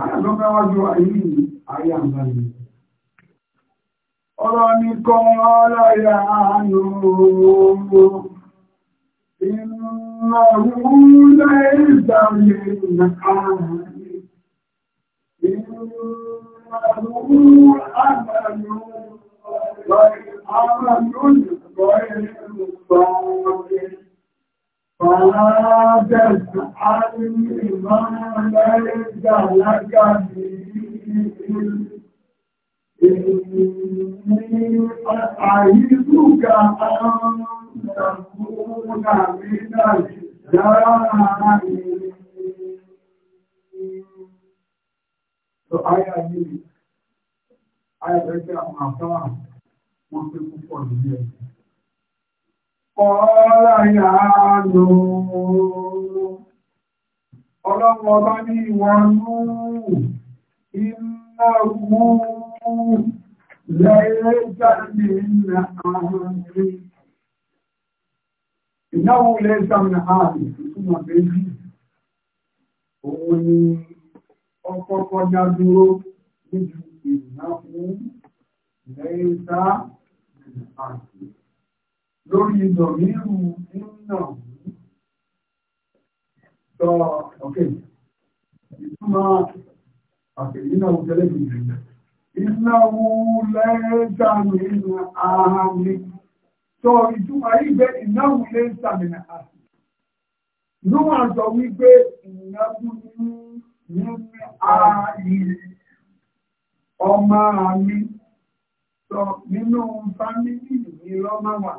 Àyàlọ́gbáwájú ayé ayé àgbàlẹ̀. Ọ̀rọ̀ ni kan ọlọ́yà ààrùn-ún. Iná rúúlẹ̀ ìdàlẹ̀ ìrìnàkàrà. Iná rúúlẹ̀ àgbàlẹ̀ Fàlá bẹ̀rẹ̀ àrí ìmọ̀lẹ́ ìgbàlágà ní ìlú. Èyí àyíkúgà àwọn ìrànkúnà nígbà dára àárín. Sọ ayá yìí, ayá bẹ̀rẹ̀ àwọn àfáà wọ́n pẹ́ púpọ̀ nílé ẹ̀sìn. Kọ́ọ́lá yà á lò ọlọ́pọ̀ bá ní ìwọ̀nú iná mú lẹ́rẹ́ jáde ìrìnà àárín. Ìnáwó lẹ́rẹ́ jáde àárín ìtumọ̀ méjì. Òun ni ọkọ̀ kọjá níbi ìnáwó lẹ́rẹ́ jáde àárín lórí ìdọ̀míru nínà sọ ọ̀kẹ́ ìtumọ̀ àfẹ̀yìnà òtẹ́lẹ̀ ìrìnà ìnáwó lẹ́ẹ̀ta nínú ààrẹ sọ ìtumọ̀ ìgbẹ́ ìnáwó lẹ́ẹ̀ta nínú ààrẹ níwọ̀n àjọ wípé ìnáwó nínú ààrẹ ọmọ àmì sọ nínú fámílì ní lọ́mọ́wàá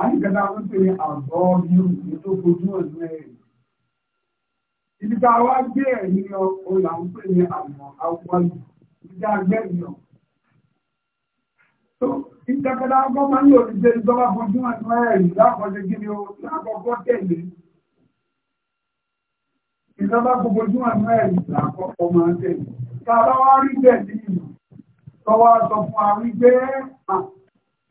a ní kẹta wọ́n pè ní àgọ́ ní òun tó fojú ẹ̀ mẹ́rin ibi tá a wá gbé ẹ̀yìn lọ o là ń pè ní àmọ́ àwọ̀lù ìdá agbẹ́rin lọ. tó ìtẹ̀kẹ̀dá ọgbọ́n máa ń lò ní ṣe ìjọba fojú ẹ̀ mẹ́rin lákọ̀ọ́jẹ́ kí ni o lákọ̀ọ́kọ́ tẹ̀lé ìjọba gbogbo ojú àmọ́ ẹ̀rì làkọ́kọ́ máa ń tẹ̀lé. tá a bá wá rí bẹ́ẹ̀ nínú tọ́wọ́ sọ fún wa wípé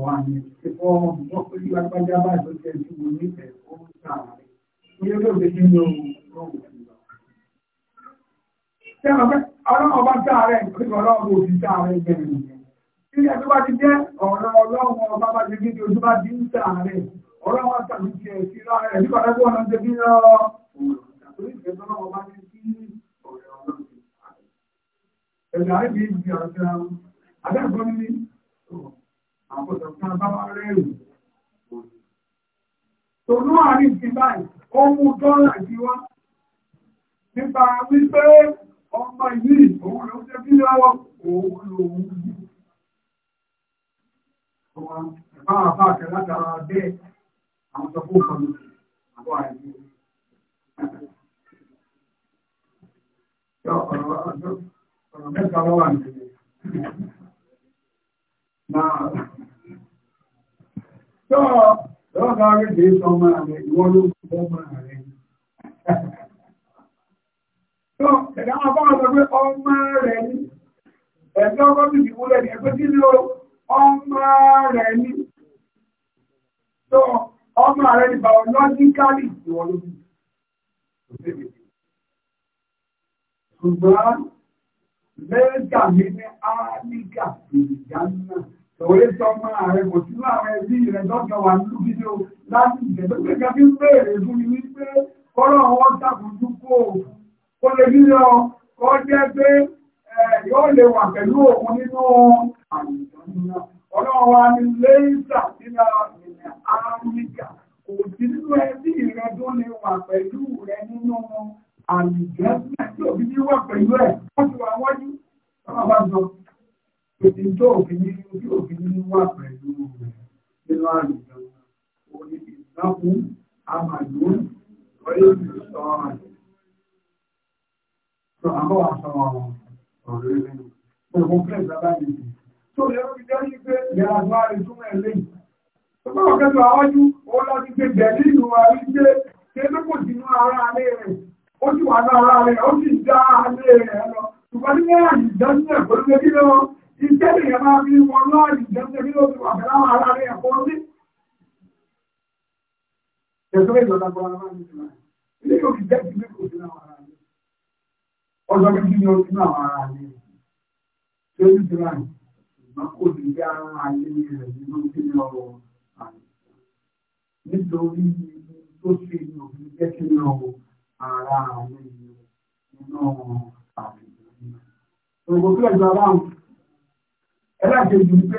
àwọn àmì ẹ̀kọ́ wọn pé bí agbájá báyìí ló jẹ́ tí mo nífẹ̀ẹ́ ó ń ta àárẹ̀ ní ọjọ́ òde kí ni ó rọrùn sí i lọ. ṣé ọ̀pẹ ọlọ́run ọba tá àárẹ̀ nípa ọlọ́run òbí tá àárẹ̀ bẹ̀rẹ̀ nìyẹn. bí ẹjọ́ bá ti jẹ́ ọ̀rọ̀ ọlọ́run ọba bá ti gbé ojú bá ti ń ta àárẹ̀ ọ̀rọ̀ ìgbà àgbọ̀dọ̀ kan bá wá rẹ́rù. Tòlú àárín ti báyìí, ó mú dọ́là jí wá. Nípa wípé ọmọ yìí, òun ló ṣe bí lọ́wọ́, òun lòun yìí. Ẹ̀bá àbá àtẹ látara bẹ́ẹ̀, àwọn sọ fún ọmọ àbọ̀ àìsí. Ọ̀rọ̀ mẹ́ta lọ́wọ́ àmì. Tọ́ lọ́gbà rẹ̀ sọmọ rẹ̀ ìwọ́n ló sọmọ rẹ̀. Tọ́ ẹ̀dá àbára sọ pé ọmọ rẹ̀ ní ẹ̀dá ọkọ̀ sí ìwú rẹ̀ ní ẹgbẹ́ ọmọ rẹ̀ ní. Tọ́ ọmọ rẹ̀ ní biologically ìwọ́n ló bí. Ṣùgbọ́n mẹ́ta mi ní áníkà ìjánà. Òwe sọ máa rẹ̀ kò sí láwọn ẹbí rẹ̀ lọ́jọ́ wà ní fídíò láti ìjẹ̀bẹ́ pé kẹfí ń béèrè fún mi wípé kọ́rọ̀ wọn ṣàkójú kó o lè rí lọ kọ́ jẹ́ pé yóò lè wà pẹ̀lú òun nínú àìsàn náà. Ọlọ́run wa ni lẹ́yìnsà nínú Áfíríkà kò sí nínú ẹbí rẹ̀ tó lè wà pẹ̀lú rẹ̀ nínú àìsàn tí òbí ní wà pẹ̀lú ẹ̀. Wọ́n ti wà wájú. Báwo bá sọ? Èdè tó òfin ní ojú òfin ní wà pẹ̀lú rẹ̀ nínú àlùjọ. Òní ìgbàkú àmàlú lórí ìsọ àjò. Sọ àbọ̀ wà sọ ọ̀rọ̀ rẹ̀. Gbogbo fẹ́ ìgbàlá yìí. Tó lè rí jẹ́ ní pé ìyára tó wá rí túmọ̀ ẹ̀ lẹ́yìn. Tó bá wà kẹ́tọ̀ àwájú, ó lọ sí pé bẹ̀rẹ̀ ìlú wa rí pé ṣé ló kò sínú ara alẹ́ rẹ̀. Ó sì wà lára rẹ̀, ó sì dá alẹ́ rẹ̀ lọ. Ṣùgbọ́n ní àyè ìdánilẹ̀ pẹ̀lú Ìjẹ́lẹ̀ yẹn máa bí wọn náà ìjẹ́sẹ̀ bí ó ti wà pẹ̀lú àwọn ará rẹ̀ ẹ̀kọ́ sí. Ẹ̀sọ́ méjì ọ̀dà bọ́ ara máa ń bí ìlànà. Ilé yóò fi jẹ́ ìdílé kò sí àwọn ará rẹ̀. Ọjọ́ méjì ni ó sí àwọn ará rẹ̀. Ṣé ó ti rà ní? Ìgbà kò sí bí ara ayé rẹ̀ nínú kí ni ọ̀rọ̀ àná. Nítorí tó ṣe ni òfin jẹ́ kí ni ọ̀rọ̀ ara rẹ̀ nínú àbẹ̀wò. Ògùn kí ẹ̀jọ̀ aláwọ̀ ẹlẹ́kejì pé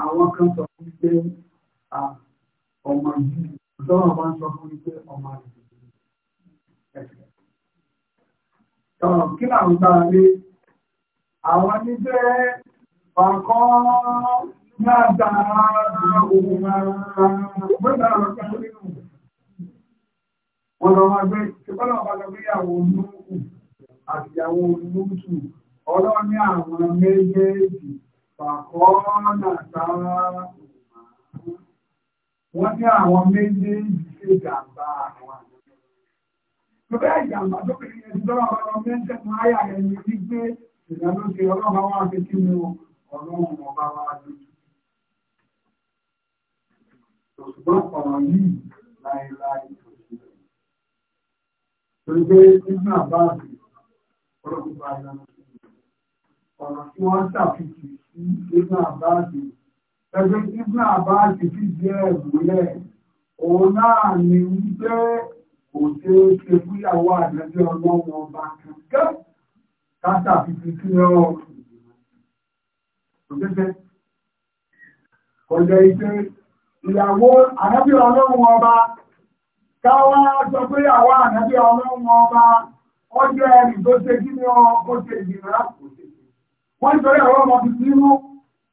àwọn kan sọ fún mi pé ọmọ yìí ọ̀dọ́wọ̀ bá ń sọ fún mi pé ọmọ rẹ̀ ẹ̀sẹ̀. kí làwọn gbára lé àwọn ní jẹ́ ọ̀kọ́ náà dára ohun ara gbọ́dọ̀ àwọn kan lọ máa gbé ṣùgbọ́n àwọn bàbá ìyàwó olóògùn àti ìyàwó olóòtú ọlọ́ọ̀ni àwọn méjèèjì Fàkọ́ọ́nà tára wọ́n ní àwọn méjèèjì ṣe jàmbá àwọn àjọyọ̀. Lọ́pẹ́ ìjàmbá tó kìí yẹn ti lọ́wọ́ ọmọ mẹ́jẹ̀ fún àyà ẹni wípé ìdánlóṣe ọlọ́ba wá fi kí ni ọlọ́run ọba wá lójú. Ṣùgbọ́n ọ̀rọ̀ yìí láéláé tó ṣe. Torí pé nígbà báàbì ọlọ́run bá yọ ọ̀rọ̀ tí wọ́n ṣàfihàn sí ibn abáàdì ẹgbẹ́ ibn abáàdì ti jẹ́ ìmúlẹ̀ òun náà ni wípé kò ṣe é ṣe fúyàwó àdájọ́ ọlọ́run ọba kankan kátà fífi kí ọ kò tẹ́tẹ́ kọjá iṣẹ́ ìyàwó ànábì ọlọ́run ọba káwá sọ pé àwọn ànábì ọlọ́run ọba ọjọ́ ẹni tó ṣe kí ni ọ kó ṣe ìdìbò wọ́n torí àwọn ọmọ fi sínú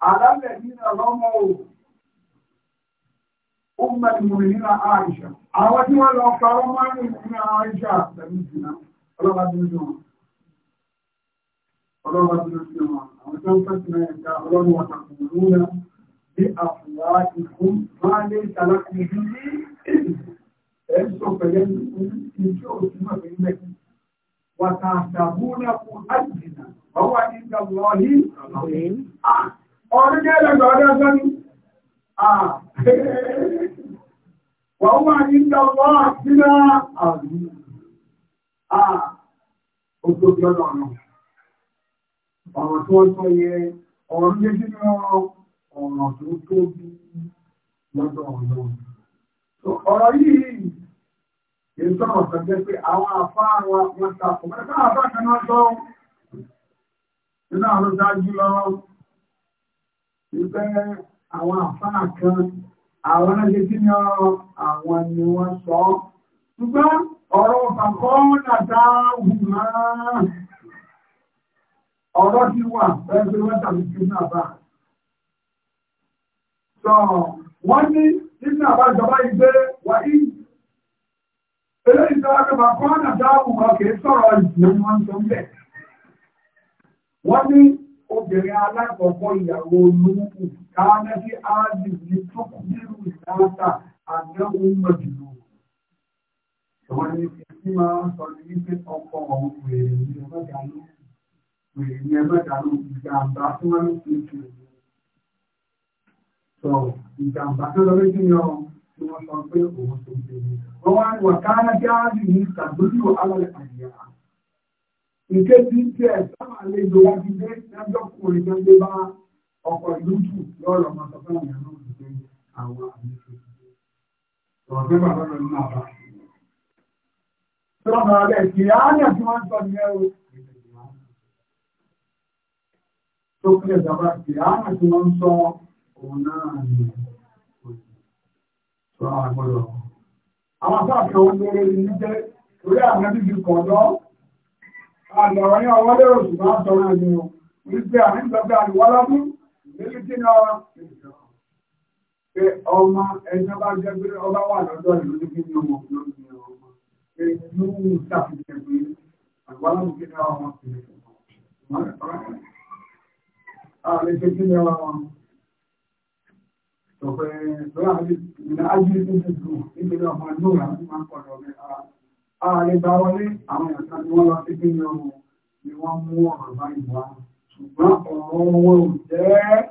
àlálẹ̀ nínú ọlọ́mọ o ó mẹ́rin mú nínú àìṣà àwọn tí wọ́n lọ pa wọ́n máa ń rìn nínú àìṣà pẹ̀lú ìsìnà ọlọ́ba tó pẹ̀lẹ́ ní ìjọ òsínmọ̀ pẹ̀lú mẹ́rin wàtàkùn àìjìnà Ọwọ́ ìjọ lọ ní ọdún jẹ́lẹ̀gbẹ̀ ọdún ọjọ́ ní. Wọ́n wà ní ìjọ lọ sílá àrùn. Àà, ó tó jọ lọ́nà. Ọ̀rọ̀ tó ń sọ yẹ, ọ̀rọ̀ ní sínú ọ̀rọ̀ tó tóbi lọ́dọ̀ ọ̀lọ́run. Ọ̀rọ̀ yìí Èyí sọ̀rọ̀ sọ jẹ́ pé àwọn àfáà wọn ta kò mẹ́ta àfáà kan náà sọ́rọ̀ nínú àwọn ṣáájú lọ wípé àwọn àfáà kan àwọn ẹgbẹ́ tí ní ọ̀rọ̀ àwọn ni wọ́n sọ ṣùgbọ́n ọ̀rọ̀ pàkọ́ dàda wùmá ọ̀rọ̀ ti wà pẹ́ẹ́sì wọ́n tàbí tí ní àbá sọ wọ́n ní nínú àbájọba ìgbé wà ní eléyìí tó wá pé pàkọ́ dàda wùmá kìí sọ̀rọ̀ ìgbìmọ̀ tó ń bẹ̀rẹ̀ wọ́n ní obìnrin alákọ̀ọ́kọ́ ìyàwó olóòkù káàmẹ́sí áàdì ní tókùnlérù ìdáta àdéhùn mọ̀jùlọ. Ìwọ́n ní ìsí máa ń sọ ní wípé ọkọ̀ ọ̀hún wèrè ní ẹgbẹ́dàánú wèrè ní ẹgbẹ́dàánú ìjàmbá tí wọ́n ń fi ṣe. Sọ ìjàmbá tó lọ lójú ni ọ tí wọ́n sọ pé òun tó ń bẹ̀rẹ̀. Wọ́n wá ní wà káàmẹ́sí áàdì ní ìtàgbójú alẹ́ àyè àná ìké tí ń tiẹ̀ sábà lè lo wájú dé lájọ́ kùnrin náà lè bá ọkọ̀ ìlú jù lọ́rọ̀ ọmọ sọ fún àwọn ọmọ ìgbé àwọn àlejò. Sọ̀rọ̀ pé bàbá rẹ̀ ń nàbà. Sọ̀rọ̀ bàbá rẹ̀ kì í áyà tí wọ́n ń sọ nìyẹn o. Tó kílẹ̀ bàbá kì í áyà tí wọ́n ń sọ òun náà ni sọ̀rọ̀ àgbọ̀dọ̀. Àwọn afáàfin òun lórí ní jẹ́ orí àwọn ẹbí fi kọ̀ ọ́ àgbàwọ̀ ní ọwọ́ lérò ṣùgbọ́n àtọ̀rọ̀ àjẹ́ wọn wípé àmì ìgbàgbà àríwọ́lá fún ìlú kí ni ọwọ́ pé ọmọ ẹjọ́ bá jẹ́ pé ọba wà lọ́dọ̀ ìlú ní kí ni ọmọ lórí ni ọmọ pé inú ṣàfihàn pé àríwọ́lá fún kí ni ọmọ kìí ààrẹ ṣe kí ni ọmọ tọ̀pẹ̀ lọ́wọ́ àti ìlà ájú ní tuntun nígbèrè ọmọ náà láti máa ń pọ̀ lọ́wọ́ ààrẹ gbà wọlé àwọn ni lọ sí bí ni mú ọ̀rọ̀ báyìí wá ṣùgbọ́n ọ̀rọ̀ wọn ò jẹ́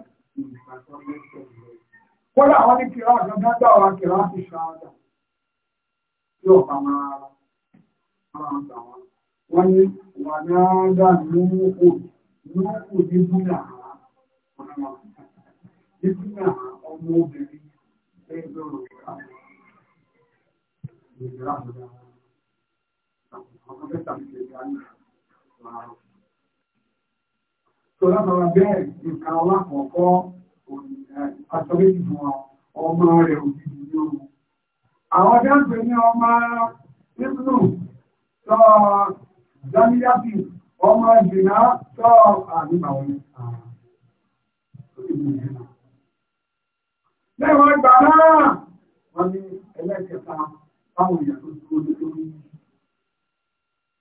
ìgbàgbọ́ lẹ́sẹ̀ rẹ̀. ní kìlá wá kìlá ti Tọ́lá máa bẹ́ẹ̀ nǹkan alákọ̀ọ́kọ́ àtọ́lẹ́jì fún ọmọ rẹ̀ òjìjì ní oòrùn. Àwọn dáńpẹ̀ ní ọmọ Ibnu tọ́ Zamiyafi, ọmọ ìgbìnà tọ́ àníbà wọn. Lẹ́wọ̀n ìgbà náà, wọ́n ní ẹlẹ́kẹta, báwọn ìyàtọ̀ tó lórí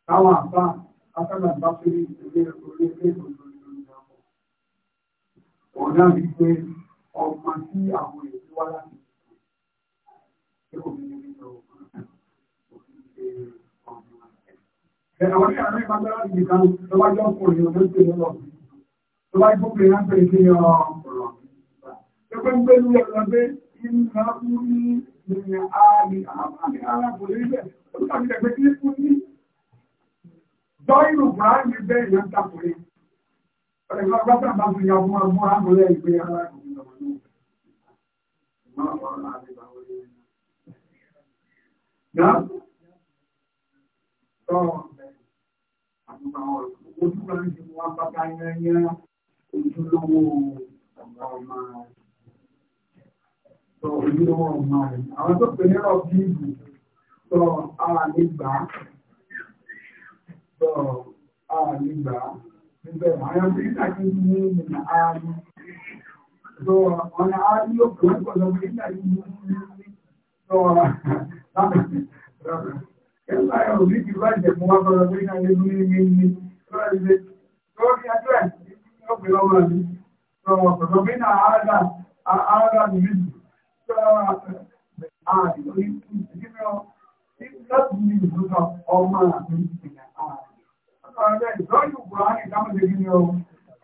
káwọn àbá akẹ́gbà bá fi ilé orí ilé ìgbòho ìdàpọ̀. òun náà rí pé ọmọ tí àwọn èèyàn wá láti ṣe kò ní ní lọ òfin ṣe ọmọ ẹ̀. ẹ̀rọ ní àárín ìbájọ́ láti nìkan tó bá jọ ọkùnrin ọdún tó yẹ lọ sí tó bá gbókè náà pé kí ni ọ̀rọ̀ ṣe pé ń gbé ní ọ̀rọ̀ pé ìnáwó ní ìrìn àárín àwọn àmì arákùnrin bẹ́ẹ̀ ó tàbí ẹgbẹ́ kí ní fún ní dọ́yìnù bá ní bẹ́ẹ̀ yẹn tàkùnrin ọ̀rẹ́gbọ́n gbọ́dọ̀ bá fi ya fún ọmọ àmúlẹ̀ ìgbé ara ìgbìyànjú Ojúlówó ọmọ ọmọ rẹ̀. Àwọn tó pè ní ọ̀bí ìlú sọ ara nígbà sọ àgbà níbẹ̀ àwọn tí ìtàkì ní ìlànà ààrùn sọ ọ̀nà ààrùn yóò kọ́ ọ̀dọ̀ pé ìtàkì ní sọ ẹgbẹ́ ẹ̀rọ ní ti bàjẹ́ mú wá bọ̀rọ̀ pé ìtàkì ní ìlànà ààrùn lórí ẹjọ́ ẹ̀ ní ọ̀pẹ̀ lọ́wọ́ mi sọ ọ̀dọ̀ pé ìtàkì ààrùn ààrùn mi sọ ààrùn orí ìtàkì ní ọmọ àmì ìtàkì ọ̀rẹ́ ìdọ́jú buhari dámọ́lé ní ọ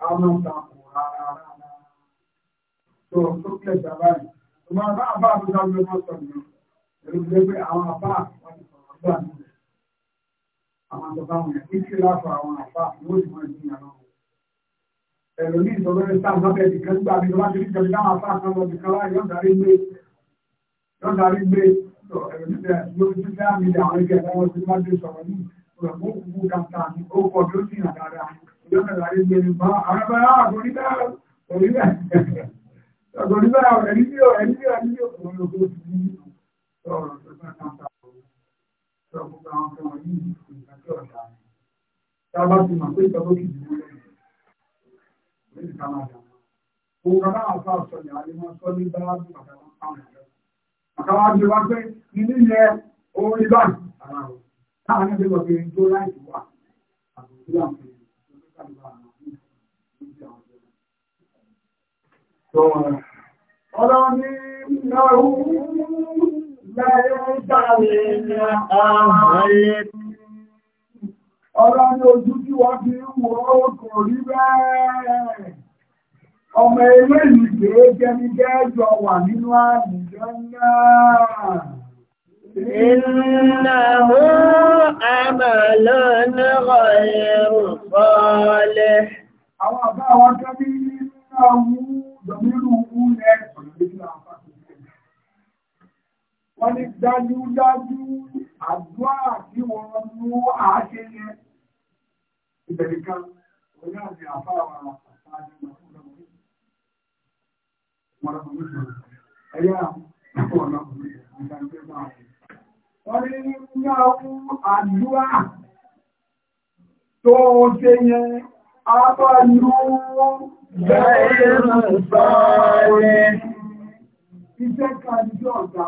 àwọn ọ̀tàkù rárá tó tó kílẹ̀ jàmbá yìí tó máa bá àbá àbúrò àwọn ọmọ sọ̀rọ̀ ẹ̀rọ ìgbé pé àwọn àbá wọn ti sọ̀rọ̀ gbà ní àwọn àjọba wọn yẹn kíkí láfọ àwọn àbá wọn ti wọn ìdíyàn náà ẹ̀rọ ní ìsọ̀rọ̀ ẹ̀ sáà lábẹ́ ìdìkan gbà bí wọ́n ti rí jẹ̀bi láwọn àbá kan lọ nìkan láì yọ̀ǹdarí gbé yọ̀ǹdarí gbé ẹ̀rọ ní òkú kàtà ní orúkọ tó sì hàn dáadáa ìjọba ìlàrí gbé ní bá àwọn ẹgbẹ́ àgbòríbẹ̀ òríbẹ̀ àgbòríbẹ̀ ẹni tí ó ẹni tí ó ẹni tí ó kò ló tó ti ní ọ̀rọ̀ tó bá kàtà ọ̀rọ̀ gbogbo àwọn ọmọ yìí ìgbà tó ọ̀dà ni tá a bá ti mọ̀ pé ìtọ́jú kìí mú lẹ́yìn lẹ́yìn ká máa dàgbà òun kan náà fà sọ ní alẹ́ wọn sọ ní báwájú àtàwọn àwọn ọ̀dọ́ àtàwọn àgbẹ̀ wá pé nínú yẹ òun ibà àwọn àwọn táwọn ojú tí wọ́n fi ń wọ́ ọkọ̀ rí bẹ́ẹ̀ ọmọ ilé ìgbé jẹ́ ní gẹ́ẹ̀jọ wà nínú àmìjọ náà إنه عمل غير صالح àwọn àbá àwọn akẹ́bí nínú àwọn ìdọ̀mírù ilẹ̀ wọ́n ní dájúdájú àdúrà tí wọ́n mú àáṣẹ ìbẹ̀rẹ̀ kan orí àti àfá àwọn àpàtà ní ọ̀pọ̀lọpọ̀ ẹ̀yà ọ̀pọ̀lọpọ̀ ìgbàgbẹ́ wọ́n ní níyàwó àdúrà tó ṣe yẹn abáyú bẹ́ẹ̀rẹ̀ sọ́ọ̀rẹ́ iṣẹ́ kàájú ọ̀gá Ìjọ́ tó jẹ́ ọ̀dá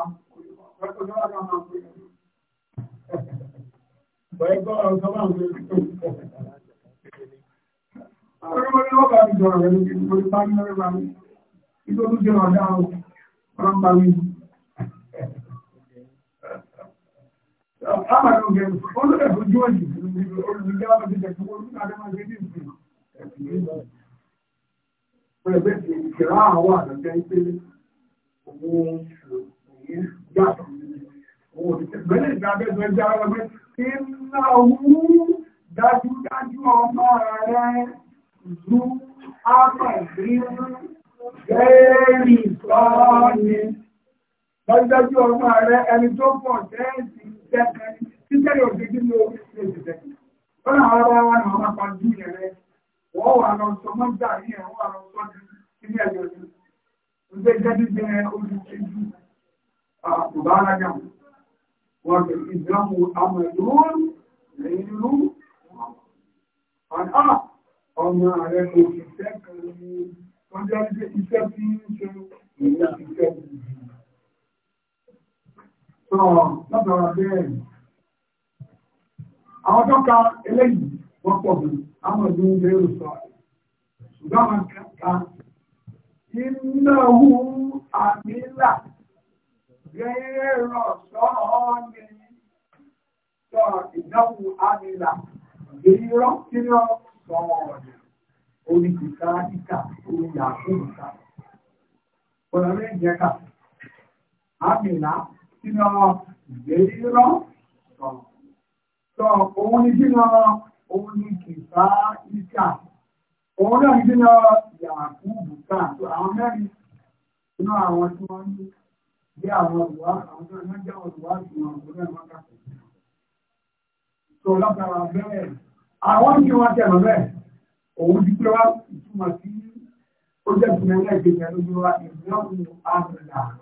ọ̀rọ̀ ń bá mi. Amadu ń gẹ̀rù, ó lọ́dẹ̀ tó jú òjì, olùdíjẹ́ wọn ti jẹ̀kú wọn nígbà tó máa gbé ní ìsìn. Pẹ̀lẹ́pẹ̀ ti ìkìlá àwọn àdàjẹ́ pé owó yàtọ̀. Bẹ́lẹ̀ ìgbà bẹ́ẹ̀ tó jẹ́ ara pé kí ń ná owó dájúdájú ọmọ rẹ̀ zu ápàdínú gẹ́rì sọ́ọ̀ni. Dájúdájú ọmọ rẹ̀ ẹni tó pọ̀ tẹ́ẹ̀sì ìjẹ́kẹ́ títẹ́ yóò gbé nínú ìjẹ́ wọ́n náà wọ́n wá ní ọmọ kan jù yẹn rẹ̀ wọ́n wà lọ sọ mọ́ gbà ní ẹ̀ wọ́n wà lọ sọ ju ilé ẹ̀jọ̀ ju ìgbé jẹ́ jíjẹ ojú ṣe jù àbùbá alájà wọn kì í dáhùn àwọn ìlú ìlú ọmọ rẹ kò fi fẹ́ kan ní wọ́n jẹ́ iṣẹ́ tí ń ṣe ìwé ìṣẹ́ yìí sọ̀rọ̀ lọ́dọ̀ọ̀rọ̀ bẹ́ẹ̀. Àwọn tó ka eléyìí wọ́n pọ̀ bí àwọn ìlú ń lérò sọ. Ṣùgbọ́n àwọn kàkà ìnáwó àmìlà rẹ̀rọ̀ sọ̀rọ̀ ni sọ ìnáwó àmìlà rẹ̀rọ̀ kírọ̀ sọ̀rọ̀ orí kìkà kíkà orí àkókò ká. Ọ̀rọ̀ rẹ̀ jẹ́ ká àmìlà sínú ìgbérírọ́ sọ òun ni sínú òun ni kìfà ìkà òun náà ni sínú yàkú bùkà tó àwọn mẹ́rin nínú àwọn tí wọ́n ní bí àwọn olùwà àwọn tí wọ́n jẹ́ olùwà tí wọ́n kò náà wọ́n kàkọ́ tó látara bẹ́ẹ̀ àwọn tí wọ́n tẹ̀lọ́ bẹ́ẹ̀ òun ti pé wá ìtumọ̀ sí ó jẹ́ ìpínlẹ̀ ẹgbẹ̀rún lójú wa ìgbéyàwó àmì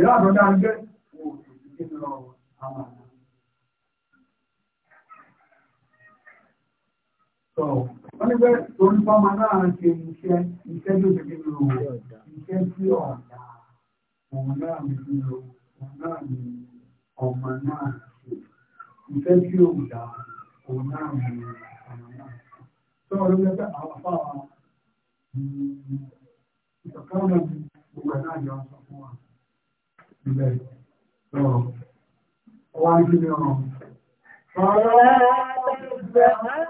ìlànà dáńgbé wò ó ti lọ àwọn àná. Sọ wọ́n ní pé torí fọ́mọ náà ń ṣe iṣẹ́ iṣẹ́ tó ti nínú iṣẹ́ tí ọ̀dà òun náà ń fi lọ òun náà ní ọmọ náà ṣe iṣẹ́ tí ọ̀dà òun náà ní ọmọ náà ṣe. Sọ wọ́n ní pé àwọn afáwọn mm, ìṣọ̀kan náà gbogbo ẹ̀ náà jọ sọ fún wa ilẹ̀ lọ́rọ̀. Ọwá ní kí ni ọ̀rọ̀? Ọ̀rọ̀ ẹgbẹ̀ Fàlá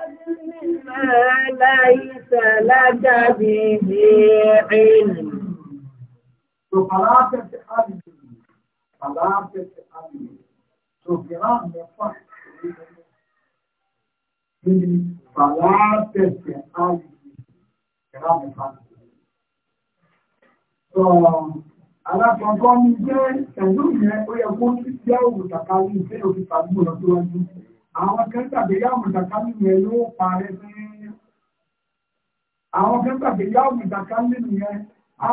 tẹ̀sẹ̀ àìyí, ìrànlẹ́fà alákọ̀ọ́kọ́ ní jẹ́ pẹ̀lú ìyẹn ó yẹ kó ti jẹ́ òmùtàkà ní ìṣe òfin tàbí ọ̀nà tó wájú àwọn kan tàbí yá òmùtàkà nìyẹn yóò parẹ́ sí àwọn kan tàbí yá òmùtàkà nìyẹn á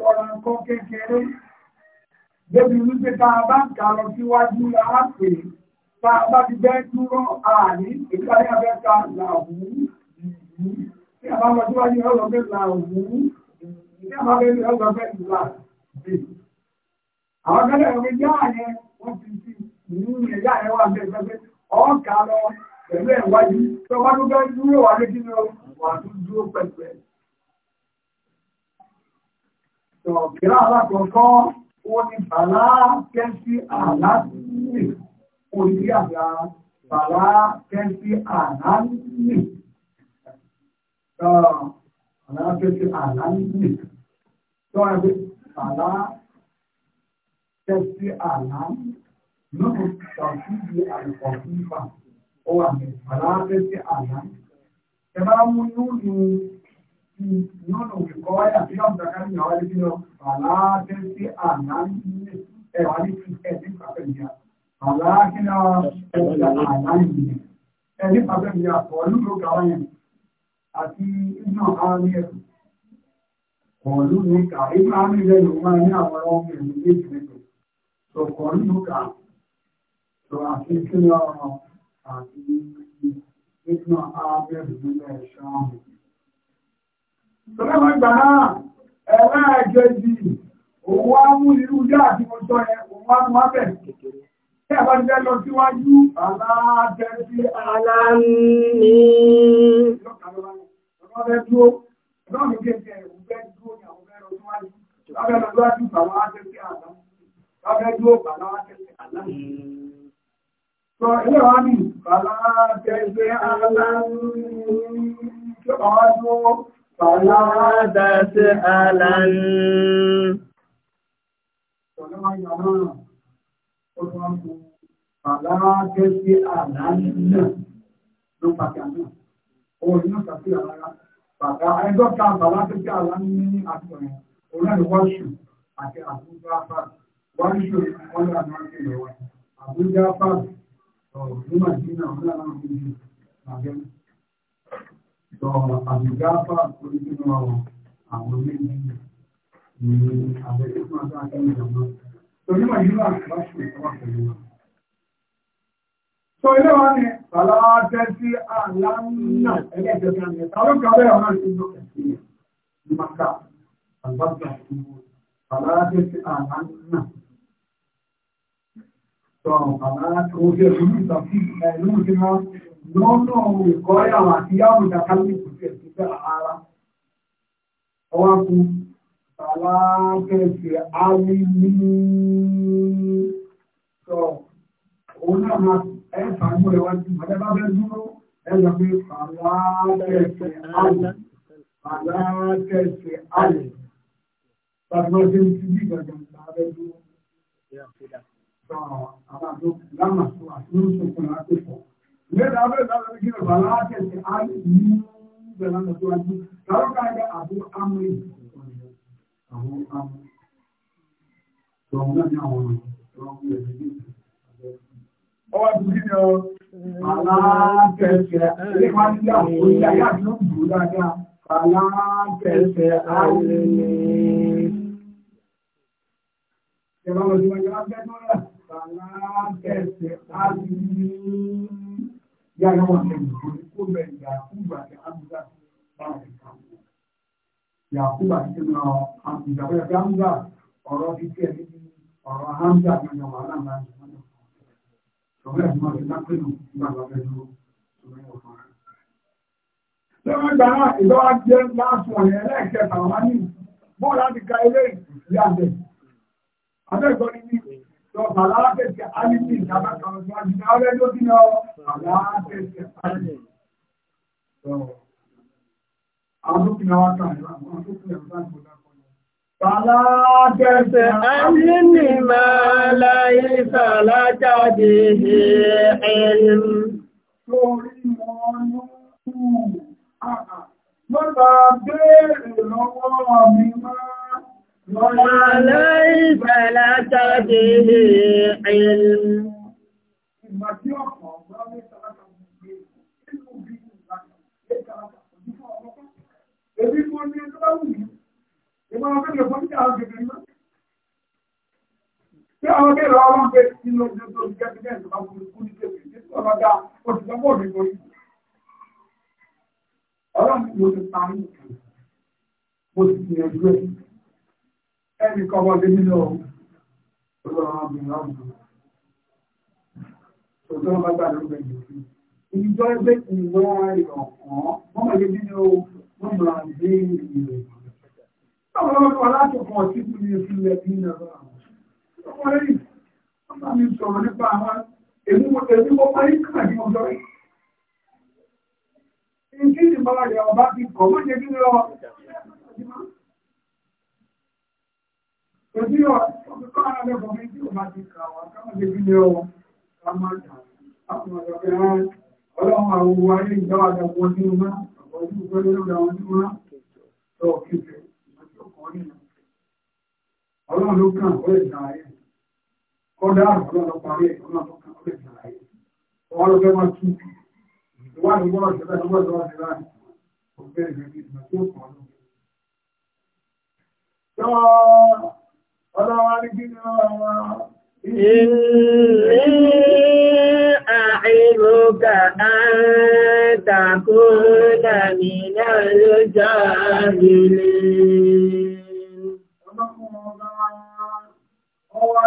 rọra kọ́ kékeré débi wípé tá a bá ń kà lọ síwájú la á pè é tá a bá ti bẹ́ dúró àní ìpàdé abẹ́ka làwù ìlú tí síwájú ọlọ́gbẹ́ làwù ìdí àbábẹ́ lọ́gbẹ́ làwù àwọn kan náà wọ́n yá yẹn wọ́n ti ti mú yẹn yá yẹn wà bẹ́ẹ̀ pẹ́pẹ́ ọ̀ọ́kà lọ pẹ̀lú ẹ̀wájú tó wá tó bẹ́ẹ̀ dúró wà lé kí ni ó wà tó dúró pẹ̀pẹ́. Ìrá alákọ̀ọ́kọ́ ó ní bàlá kẹ́sí àlásìlè orí àgbà bàlá kẹ́sí àlásìlè. Bàlá kẹ́sí àlásìlè. Tọ́ fàlà tẹ̀sí àlá nínú tàbí àlùkọ̀tì fà ó wà ní fàlà tẹ̀sí àlá. Ẹ bá mú nínú nínú ìkọ́ wáyà tí yóò dàgbà ní àwọn ẹbí lọ fàlà tẹ̀sí àlá nílé ẹ̀wà ní ti ẹ̀ ní pàpẹ́ ìyá. Fàlà kí ni wọ́n tẹ̀sí àlá nìyẹn. Ẹ ní pàpẹ́ ìyá pọ̀ lúlò gàwáyẹn àti inú àwọn ẹ̀rù kọ̀ọ̀lú ní kà ibà nílẹ̀ ló máa ní àwọn ọmọ ẹ̀mí méjì nìkan tó kọ̀ọ̀lú kà tó àti sílẹ̀ ọ̀rọ̀ àti nínú abẹ́rù nílẹ̀ ẹ̀ṣọ́ ọ̀hún. Sọlọ́mọ ìgbà náà ẹ̀rọ ẹ̀jẹ̀ di òun wá mú irú ilé àti mo sọ yẹn òun wá mú abẹ́ kékeré. Ṣé ti fẹ́ lọ síwájú? Aláàbẹ̀ sí aláàmì. Ìjọba fẹ́ dúró. Ọlọ́run kéèké òun fẹ́ dúró ní àwọn mẹ́rin ọdún wáyé. Lábẹ́ lọ lọ́wọ́ àti ìgbà wọn á jẹ́ sí àná. Lábẹ́ dúró gbà lọ́wọ́ á jẹ́ sí àná. Sọ ilé wa ní bàlá jẹ́ pé àlá tó bá wá dúró. Bàlá jẹ́ sí àlá ní. Ọ̀nà wa yà náà, ó tún wá fún bàlá jẹ́ sí àlá náà ló pàtàkì àná. Òun ní ọ̀sán sí àlá rárá bàtà ẹjọ́ ta bàbá tó kí àlá ní àtọ̀yìn orílẹ̀ wọ́ṣù àti àbújá fàt wọ́ṣù wọn là máa ti lọ wọn àbújá fàt ọ̀rọ̀ ní màdínà wọn là máa ti lọ àbẹ́ sọ̀rọ̀ àbújá fàt oríṣiríṣi ọ̀rọ̀ àwọn méjì ní àbẹ́ tó máa dá àkẹ́yìn ìjọba torí màdínà wọ́ṣù ìtọ́wà pẹ̀lú wọn. So ilé wa ni bàbá jẹ́ sí àlànà ẹlẹ́gbẹ̀ẹ́ ni tàbí kàwé ọ̀rọ̀ ìṣúná ẹ̀sìn ní maka àgbàgbà ìwò bàbá jẹ́ sí àlànà. So bàbá kò ṣe ìlú ìtàkì ẹ̀lú ti mọ́ lọ́nà ìkọ́rẹ́ àwọn àti yàwó ìdàkálù ìkùsẹ̀ ìkùsẹ̀ ara. Ọwọ́ kú bàbá sí àlìní. So òun náà máa ẹ fà ń gbọ́dọ̀ wá sí ọjọ́ bá bẹ́ dúró ẹ lọ pé fàlàkẹ́sẹ̀ àlè fàlàkẹ́sẹ̀ àlè pàtàkì ṣe ń ti bí ìgbàgbọ́ ìgbà bẹ́ dúró. Àbàdo lámà tó àti ní oṣù kan láti fọ̀. Lẹ́nu abẹ́rẹ́ náà lọ́dún kí ni fàlàkẹ́sẹ̀ àlè ní ìgbàlá náà tó wájú. Kàrọ́ káyọ̀ àbú amúlé àwọn amúlé. Tọ̀hún náà ní àwọn ọ̀rọ̀ ọ̀rọ̀ ọ̀gbìn ẹ̀sìn ọwọ́ ti rí lọ aláàtẹ̀ẹ̀fẹ̀ ilé máa ń dá òun ní ayé àti ló ń dùn dáadáa aláàtẹ̀ẹ̀fẹ̀ alẹ́lẹ́. ìjọba lọ sí wọn yọ abẹ́ tó rẹ̀ aláàtẹ̀ẹ̀fẹ̀ alẹ́lẹ́. yára wọn lè dùn ní kó bẹ̀rẹ̀ yàkúbà àti amúdà báwọn ìka wọn. yàkúbà ti ràn amúdà bẹ́ẹ̀ bí amúdà ọ̀rọ̀ fi tiẹ̀ níbi ọ̀rọ̀ amúdà ní ọ̀rọ̀ aláàmúdà Lọ́wọ́ ìgbà náà ìlọ́wọ́ jẹ́ láàfún ọ̀yẹ́ lẹ́ẹ̀kẹta wá ní bóò láti ka ilé ìyàgbẹ̀. Abẹ́ẹ̀kọ́ ní ní lọ bàlápẹ̀ẹ̀kẹ̀ alìsí ìdábàkà ọ̀sán Fàlá gẹ̀ẹ́sẹ̀ ẹni ni máa láyé sàlájáde ẹ̀yìn. Lórí wọn ló kú àà. Mọ́ta béèrè lọ́wọ́ mi máa lọ́yá láyé sàlájáde ẹ̀yìn. Ìgbà tí ọ̀pọ̀ ọ̀gbá mẹ́ta látàbí gbé, inú bí ìgbà tí ó kàrà ìmọ̀ àwọn kẹ́lẹ̀ fún ní àwọn kẹ́kẹ́ náà tí àwọn kẹ́lẹ̀ ọlọ́run pé nínú ìjọ tó ń jẹ́ bílẹ̀ ìjọba fún mi kú ní kẹ́kẹ́ tí ó lọ dá oṣù tó mọ̀ nínú ìlú ọlọ́run mo ti pa ní ìkà mo ti fi ẹgbẹ́ ẹnì kan wọlé nínú ọ̀hún ọlọ́run ọ̀gbìn ọ̀gbìn ọ̀dọ́ ọba gbà ló bẹ̀rẹ̀ sí ìjọ ẹgbẹ́ ìwọ́n ayọ̀ kan wọ́n mọ̀ Ọ̀pọ̀lọpọ̀ alátọ̀kọ̀ ọ̀tí kú ní ìfilẹ̀ ní ìjọba. Ọkùnrin yìí, ọmọ mi sọ̀rọ̀ nípa àwọn èmú ọmọ ìkà ní ọjọ́ yìí. Ìjí ìbára rẹ̀ ọba ti kọ̀ mọ́ jẹ́ kí lọ. Òjí ọ̀pọ̀lọpọ̀ alátọ̀kọ̀ mi tí ọba ti kà wá, ká mọ́ jẹ́ kí lọ. Ọlọ́run àwọn owó ayé ìjọ́ àjọ̀kọ̀ ọdún náà, ọdún ìgbẹ́lẹ́ lọ́dọ̀ àwọn ọdún náà, tó kìí ọlọ́run ló kàn ó lè dàn ayé kọ́dá ọlọ́run ló parí ẹ̀ ọlọ́run tó kàn ó lè dàn ayé wọ́n ló fẹ́ máa tú ìwádìí gbọ́dọ̀ ṣẹlẹ̀ gbọ́dọ̀ tó kàn ló. ọlọ́run á ní kí ni wọ́n wá. إني أعظك تكون من الجاهلين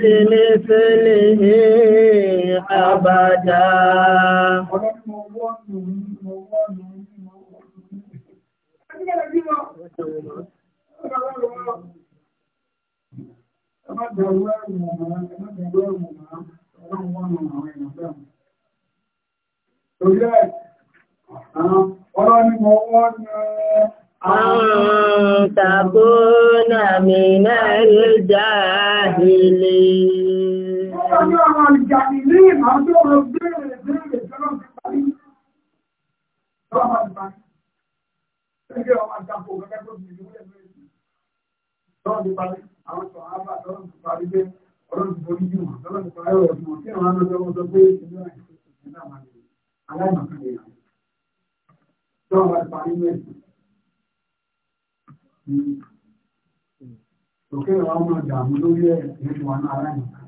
Lèlé fẹ́lẹ̀ ẹ̀ àbàdà. Ọlọ́run ni mo wọ́n náà. أن تكون من الجاهلين Ọlọ́run ti parí, àwọn ọ̀sán àbá lọ́rùn ti parí pé ọlọ́run ti borí jù wọ́n, lọ́rùn ti parí ọ̀rọ̀ jù wọ́n, kí àwọn ọmọdé ọmọdé pé ìlú àìsí ìlú àmàlè, aláìmọ̀kànlè àwọn. Lọ́rùn ti parí mẹ́rin òkè àwọn ọmọ ìdààmú lórí ẹ̀ nínú wọn aláìníkà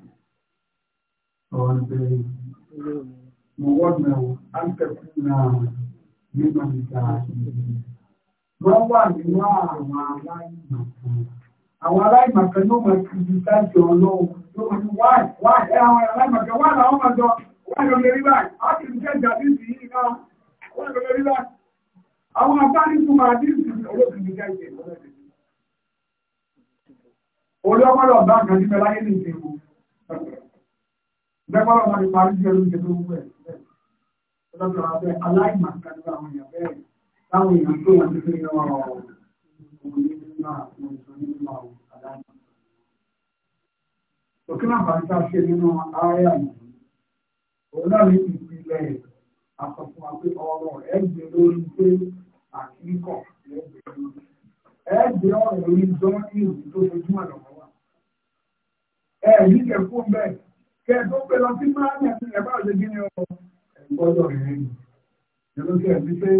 ọ̀dẹ̀ mo wọ́dùn ẹ̀wọ̀ áńtẹ̀kù náà nígbà nígbà wọ́n wà nínú àwọn aláìmọ̀kan àwọn aláìmọ̀kan yóò máa ti di sáàjì ọlọ́run yóò máa ti wáì wáì ẹ àwọn aláìmọ̀kan wà láwọn máa jọ wáì lọ lórí báyìí á sì ń kẹjà bí ìsìn yìí náà wáì lọ lórí báyìí àwọn abánisùn máa dín ìsìn olókìkí jáde ọlọ́dẹ olóòpọ̀lọ̀ bá nǹkan níbẹ̀ láyé ní ìṣègùn bẹ́pọ̀lọ̀ máa ti parí sí ẹlú ìṣègùn owó ẹ̀ lọ́dọ̀ abẹ́ aláìmọ̀kan nípa àwọn èèyàn bẹ́ẹ̀ láwọn èèyàn tó wọn ti fi yan ọ̀rọ̀ òkínà àbáńtà ṣe nínú ààrẹ yìí òun náà ní ìpìlẹ̀ àkọ́kọ́ àti ọ̀rọ̀ ẹgbẹ́ lórí pé àkíkọ̀ lẹ́gbẹ̀ẹ́ ẹgbẹ́ ọ̀rọ̀ orí jọ́ ní ìlú tó fojú àlọ́wọ́ ẹ ní kẹ fún bẹ́ẹ̀ kẹ tó pé lọ sí máàmì àti ẹ bá ṣe gíní ọ ẹgbọ́dọ̀ rẹ̀ ni ìlú kẹ fi pé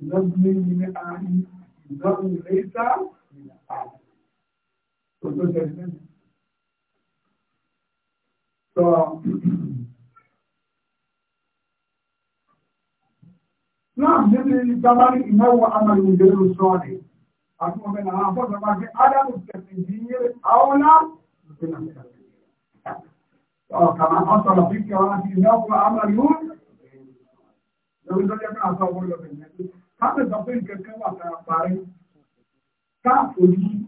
ìlọ́gbìn ní ní àárín ìlọ́gbìn lè sá ìlà àárín tó tó ṣẹlẹ̀ lẹ́nu. sọ náà níbi gbábárí ìnáwó amàlì òjòrò sọ́ọ̀dì àti ọmọ ìlànà àbọ̀dọ̀ máa fi ádámù tẹ̀sí yìí àwọn náà كما حصل فيك وفي نوع عمليون لو انت كان اصابوا له بالنسبه هذا الضبيب كان كما تعباري تعفوني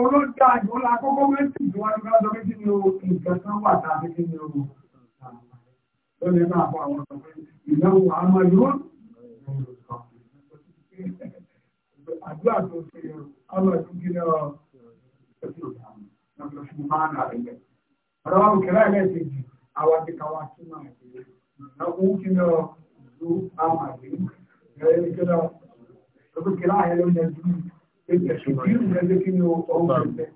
olóòjà ìwọlá àkọ́kọ́ méjì ìwádìí bá lọ méjì ní nǹkan kan wà tàbí kí ni o lónìí náà fún àwọn ọmọ ìnáwó àmọ́ yóò àdúrà tó ṣe ọlọ́ọ̀dún kí ni ọ ẹ̀sìn ìdáhùn náà lọ sí máa nà rẹ̀ ọ̀dọ́wà bùkẹ́lá ẹlẹ́ẹ̀kejì àwọn ti kàwá sí máa ṣe náà kú kí lọ ìlú àwọn àgbẹ̀ ẹ̀rẹ́ ní kí lọ bùkẹ́lá ẹlẹ́ẹ̀kejì ètò ìlú ẹgbẹ́ kí ni ó ń bẹ̀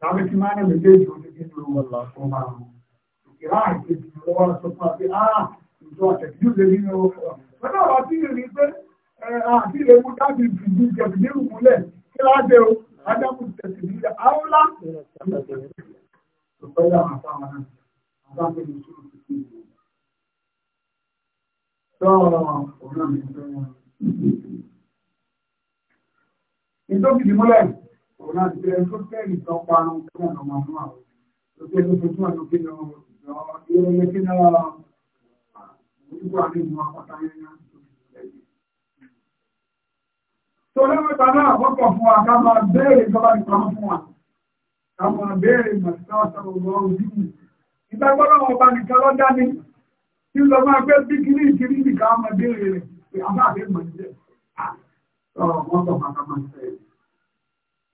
tàbí kí máa ní méjèèjì ó ní kí ni ó ń bá wọn bùkẹ́lá ẹlẹ́ẹ̀kejì lọ́wọ́ sọ fún wa pé ah ìjọ àtẹ̀kí lè ní ó wọ́n náà wá sí ìrìn pé àti ilé mú dábì ìdìbò jẹ̀bì nírùmúlẹ̀ kí lájẹ́ o adámù pẹ̀lú àwọn àtàwọn náà àwọn àti ìṣòro ti fi ìwò. Sọ́ọ̀rọ̀ òun náà ní ọjọ́ wọn. Ìtòkì ti múlẹ̀, òun náà ti fi ẹni tó tẹ́rì tán parun kí wọ́n lọ máa mú àwọn. Ó ti ẹni tó tún àná kí lọ ìjọ ìrẹ́lẹ́ kí náà ojúkọ̀ àti ìmú apáta yẹn náà. Tọ́lẹ́mẹ́ta náà wọ́pọ̀ fún wa ká máa bẹ́ẹ̀rẹ̀ ìjọba ìpamọ́ fún wa àwọn àbẹ́rẹ̀ màtíkàtàrà ọlọ́run dìbò ìgbàgbọ́dọ̀ ọba nìkan lọ dání tí lọ máa gbé bíkíní ìkíní nìkan ọmọ ìbéèrè rẹ̀ pé àbá àbẹ́ mọ̀ níjẹ́ wọ́n sọ màkà máa ń sẹ́yìn.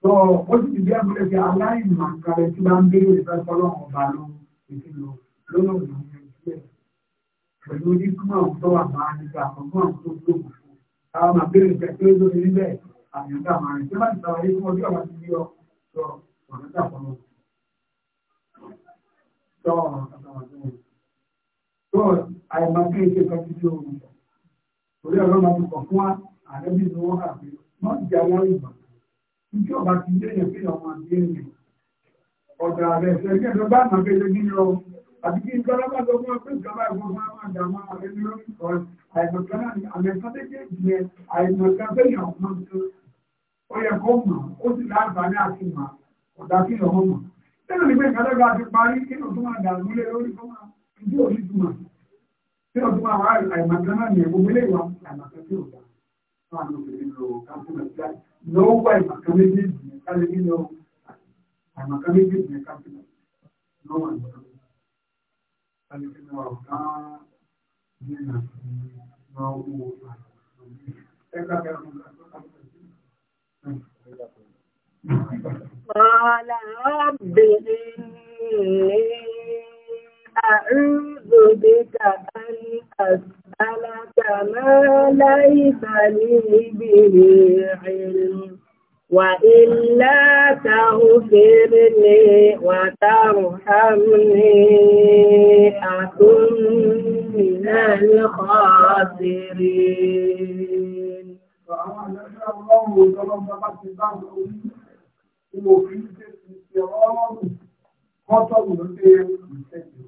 sọ ó sì ti bí abúlé pé aláìmọ̀kàrẹ́ tí bá ń béèrè ìfẹ́fọ́lọ́ ọba ló ti lọ lọ́nà ìrìn ìjìnlẹ̀ pẹ̀lú oníkùnmọ̀ tó wà máa nígbà àkọ́kọ́ tó tó kù fún àwọn àbẹ́rẹ̀ pẹ̀lú lórí níbẹ̀ àyànká máa rìn tí wọ́n ti sàlàyé fún ọjọ́ àwọn ti rí ọ sọ tó àìmọ̀ kí n ṣe kan títí omi torí ọ̀rọ̀ máa ti kọ̀ fún àrẹ́bí ni wọ́n kà pé wọ́n ti jà wọ́n ìgbà tí ọba ti dé èèyàn pé ọmọ àti èèyàn ọ̀dà rẹ̀ ṣe kí ẹ̀dọ́ bá máa kéde kí lọ àti kí n tọ́lá bá tó fún ọpẹ́ ìjọba ìwọ̀n máa máa dà máa rẹ̀ ní lórí ìkọ́ àìmọ̀ kan náà àmì ẹ̀ka tẹ́kẹ́ ìjìnlẹ̀ àìmọ̀ kan tẹ́yàn ọ̀dà kí lọ́wọ́ mọ̀. Nínú ní pé ìkàdọ́gba ti parí kí ló tún máa dààmú lé lórí tó máa ojú òní túmọ̀. Kí ló tún máa wá àìmọ̀tán náà ní ẹ̀gbọ́n ilé ìwà àìmọ̀tán tí ò dá. Wọ́n á lọ sí nínú قال رب إني أعوذ بك أن أسألك ما ليس لي به علم وإلا تغفر لي وترحمني أكن من الخاسرين mo fi ń dé ti ṣe ọlọ́run kọ́tọ̀mù ló dé ìṣẹ́jú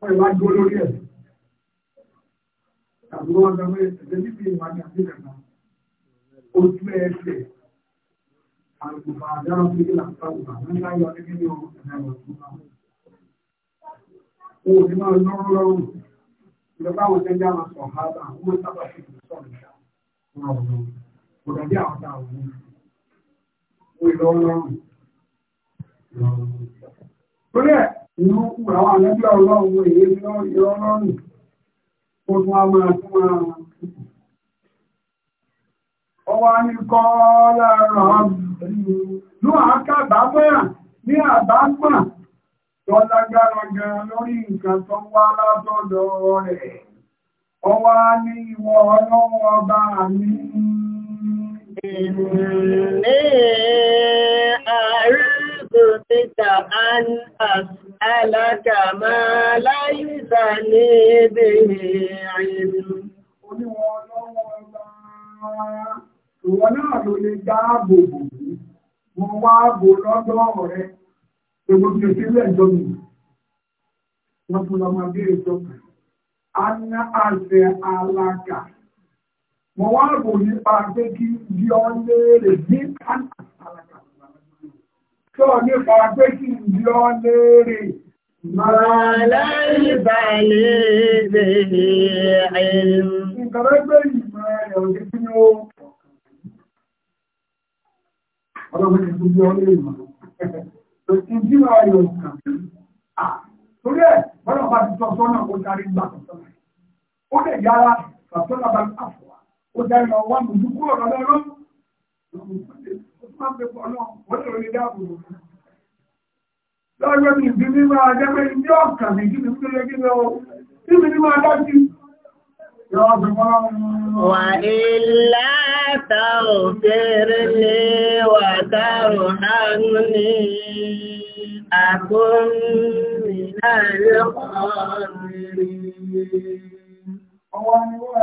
wọ́n ìwà gbó lórí ẹ̀ tàbí wọ́n gbọ́ pé ẹ̀jẹ̀ níbi ìwà ní àti kàkà ojú ẹsẹ̀ àgùnfà àdára fún ilé àtàwùfà nígbà yọ ní kíni ọmọ ẹ̀rọ tó bá wọn. Òní máa lọ́rọ́ lọ́rùn ìjọba àwọn ẹgbẹ́ jẹ́ àwọn sọ̀hálà àwọn sábà fi sọ̀rọ̀ ìṣà rọ̀rùn kò dàbí ìlọ ọlọ́run. Torí ẹ̀ inú àwọn àlẹ́gbẹ́ ọlọ́run èyí lọ ìlọ ọlọ́run kó tún á إني أعوذ بك أن أسألك ma ليس لي به Ìwọ náà ló lè dáàbò bò mí, mo wá bò lọ́dọ̀ ọ̀rẹ́, èwo ti sílẹ̀ jọ mi. Wọ́n tún lọ máa A ná àṣẹ alága. wọ́n wá rò nípa pé kí di ọ́ léèrè ní kàkàkàkà tó nípa pé kí di ọ́ léèrè Màláyé bàlẹ̀ bẹ̀rẹ̀ ẹ̀rùn. Ìkàrẹ́ pé ìmọ̀ ẹ̀rọ ti fi ní ó. Ọlọ́pẹ́ ti fi ní ọ lè mọ̀. Ìjírà ayọ̀ kan. Torí ẹ̀, bọ́lọ̀ bá ti sọ sọ́nà ó darí gbà sọ́nà. Ó lè yára sọ́nà bá ń àfọ̀ ó dárí lọ wá mùsùn kúrò lọ́dọ́ lọ. Lọ́jọ́ mi ìbí mi máa jẹ́ pé ọ̀kà mi kí mi tó lé kí lọ, mi ní máa dájú. Wà ilá tàò fèrè lé wà tàò hánú ní àkómi náà lẹ́kọ̀ọ́ rí. Ọwọ́ ni wà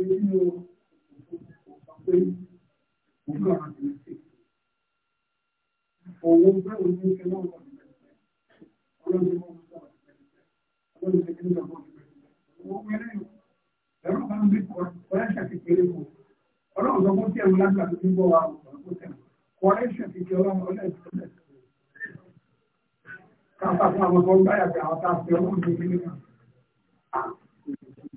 pé kí o sọ pé mo ní àwọn àti mẹ́tì. Owó bẹ́ẹ̀ ni ṣe náà wọ̀ ní mẹ́tì. Ọlọ́run mọ́ ní sọ̀rọ̀ ní mẹ́tì. Ọlọ́run ṣe kí ní sọ̀rọ̀ ní mẹ́tì. Wọ́n mẹ́rin ẹ̀rọ máa ń bí kọ́ kọ́lẹ́ṣà ti kéré mọ́. Ọlọ́run sọ fún tí ẹ̀rù lágbà tó ti ń bọ̀ wá kọ́lẹ́ṣà ti kéré ọlọ́run ọlọ́run Káfà fún àwọn ọmọ ọgbà yàgbé àwọn tá a fi ọmọ òṣèlú nínú.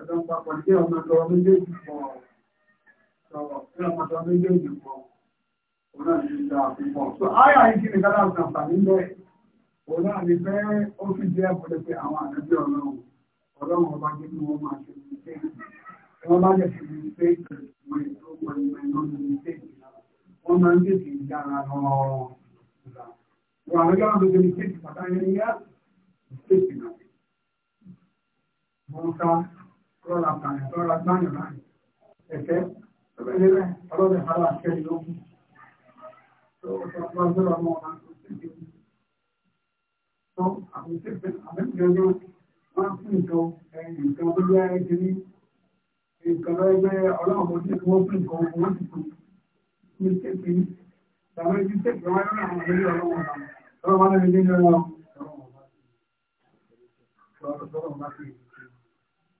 ọjọ́ papọ̀ ní ọmọ tọrọ méjèèjì pọ̀ sọ̀rọ̀ ní ọmọ tọrọ méjèèjì pọ̀ òun náà ní ìgbà so àyà yìí kí ni kálá ń sàǹfà nílẹ̀ òun náà ní fẹ́ ó fi jẹ́ ọ̀pọ̀lọpọ̀ pé àwọn ànábì ọlọ́run ọlọ́run ọba jẹ́ kí wọ́n máa ṣe ní pé wọ́n bá jẹ́ fi pé ìwé tó pọ̀ ìwé lónìí ní pé wọ́n máa rọra pààyàn rọra gbáyàn láàrin ẹ̀kẹ́ ọlọ́dẹ̀rẹ̀ ọlọ́dẹ̀ hàrà kẹ́lì lókun tó ọ̀sọ̀rọ̀ ọmọ ọ̀nà tó ti di tó àmìtẹ́fẹ́ àmìtẹ́fẹ́ máa fún nǹkan nǹkan tó yá ẹ́ kiri nǹkan lọ́gbẹ́ ọlọ́run tí wọ́n fún nǹkan ogun wọ́n ti kú ní tẹ́kì tàbí ti tẹ́kì wọn lọ́rọ̀ àwọn ilé ọlọ́run náà ọlọ́run wọn lè ní ọlọ́run ọlọ́run ọba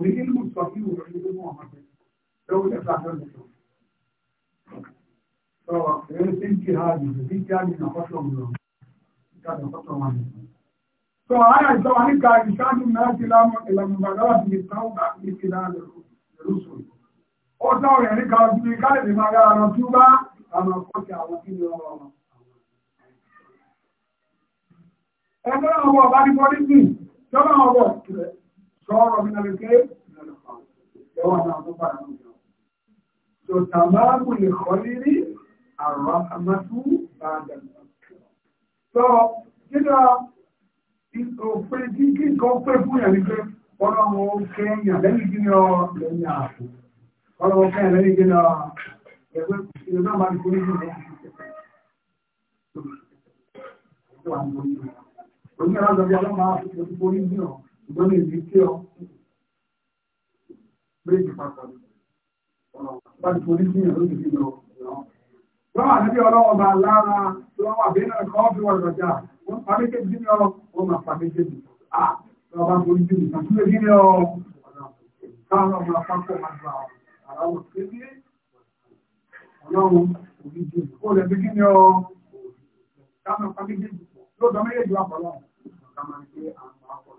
ويجي المستقيم ويعيدوا مؤمنين دولة تعمل فليس انتهاج الذي كان من فترة من الله كان فترة من الله فهذا الزمان كان يشاد الناس إلى مبادرة بالتوبة من خلال الرسل ọjọ́ rẹ̀ ní kan bí káàlì ní máa yára tí ó bá àwọn ọkọ̀kẹ́ àwọn kí ni ọrọ̀ ọmọ ẹgbẹ́ ọmọ ọba ní bọ́lí sí ìjọba ọmọ ọ̀rẹ́ صار من الكيف من الخير يوم نعطف عن تمام الخير الرحمة بعد المغفرة so كده òfin tí kí nǹkan pé fún yàn ní pé ọlọ́run ó kẹ́yìn lẹ́yìn kí ní ọ lẹ́yìn ààbò ọlọ́run ó kẹ́yìn lẹ́yìn kí ní ọ ẹgbẹ́ ìṣẹ̀lẹ̀ náà máa ń kórè jù lẹ́yìn ìṣẹ̀lẹ̀ oníyàrá lọ́jọ́ ọlọ́run máa ń kórè jù lẹ́yìn ṣùgbọ́n ní ìdí tí ọ méjì pàtàkì bá ti forí sí ìyàn lóṣù nínú wọ́n wà níbi ọlọ́wọ́ bá lára tí wọ́n wà bí náà kọ́ fi wọ́n lọ́jà wọ́n pa méjèèjì nínú ọ wọ́n máa pa méjèèjì à lọ́wọ́ bá forí sí ìyàn tó lè ní ọ káwọn ọmọ apákọ̀ máa gba ara wọn pé ní ọlọ́run òbí jù kó lè fi kí ni ọ káwọn pa méjèèjì pọ̀ lóòótọ́ méjèèjì wà pọ̀ lọ́wọ́ ká máa gbé àwọn apọ̀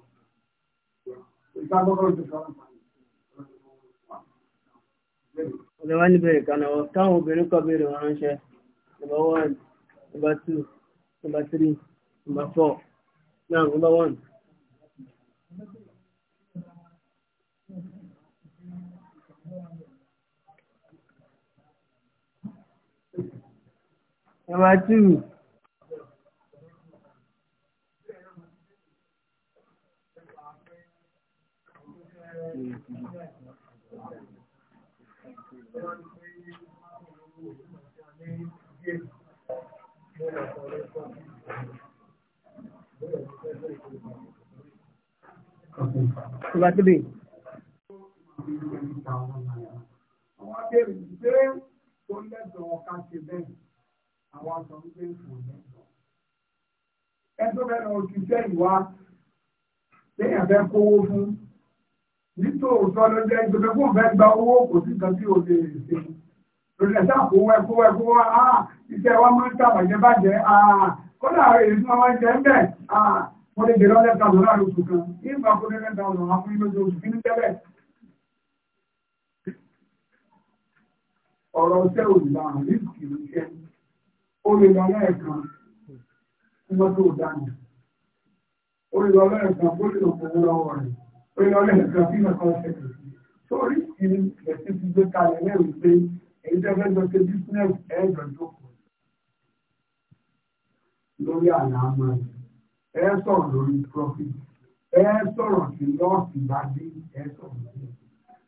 Ọ̀dẹ̀wá ní bẹ̀rẹ̀ kan náà, káwọn obìnrin kọ́ bẹ̀rẹ̀ wọn ránṣẹ́. Number one, number two, number three, number four. Now, number one. Number two. Number three. Àwọn abẹ́rẹ́ ìgbé tó lẹ́tọ̀ọ́ ọ̀ka ṣe bẹ́ẹ̀, àwọn aṣọ ń gbé fò lẹ́tọ̀ọ́. Ẹ tó bẹ́ẹ̀ lọ òṣìṣẹ́ ìwà, téèyàn fẹ́ kówó fún nítòótọ́ ló jẹ́ ìjọba fún ọ̀fẹ́ gba owó kò sí nǹkan tí o lè ṣe lórí ẹ̀sẹ̀ àkówó ẹ̀kówó ẹ̀kówó á ah, iṣẹ́ wa máa ń tàbàjẹ́ bàjẹ́ ah, kódà èyí tí wọ́n máa ń jẹ́ ń bẹ̀ ah, mo lè dèrò ọ̀lẹ́ta lọ láàrin oṣù kan nígbà kó lè lẹ́ta ọ̀nà àwọn fún ilé oṣù kí ní tẹ́lẹ̀. ọ̀rọ̀ iṣẹ́ ò lè àrùn ní ìlú iṣẹ́ ó lè lọ lẹ́ẹ̀kan kí wọ́n tó dànù ó lè lọ lẹ́ẹ̀kan kó lè lọ pé ọ̀rẹ́ nǹkan bí nǹkan ṣẹlẹ̀ sí sórí ìlú ẹ̀sìn ti gbé kalẹ̀ lẹ́rìí pé èyí tẹ́ fẹ́ lọ sí business ẹ̀ẹ́dọ̀ tó kù lórí àlàámọ̀ ẹ̀ sọ̀rọ̀ lórí profit ẹ̀ sọ̀rọ̀ sí lọ́ọ̀sì bá dé ẹ̀ sọ̀rọ̀ sí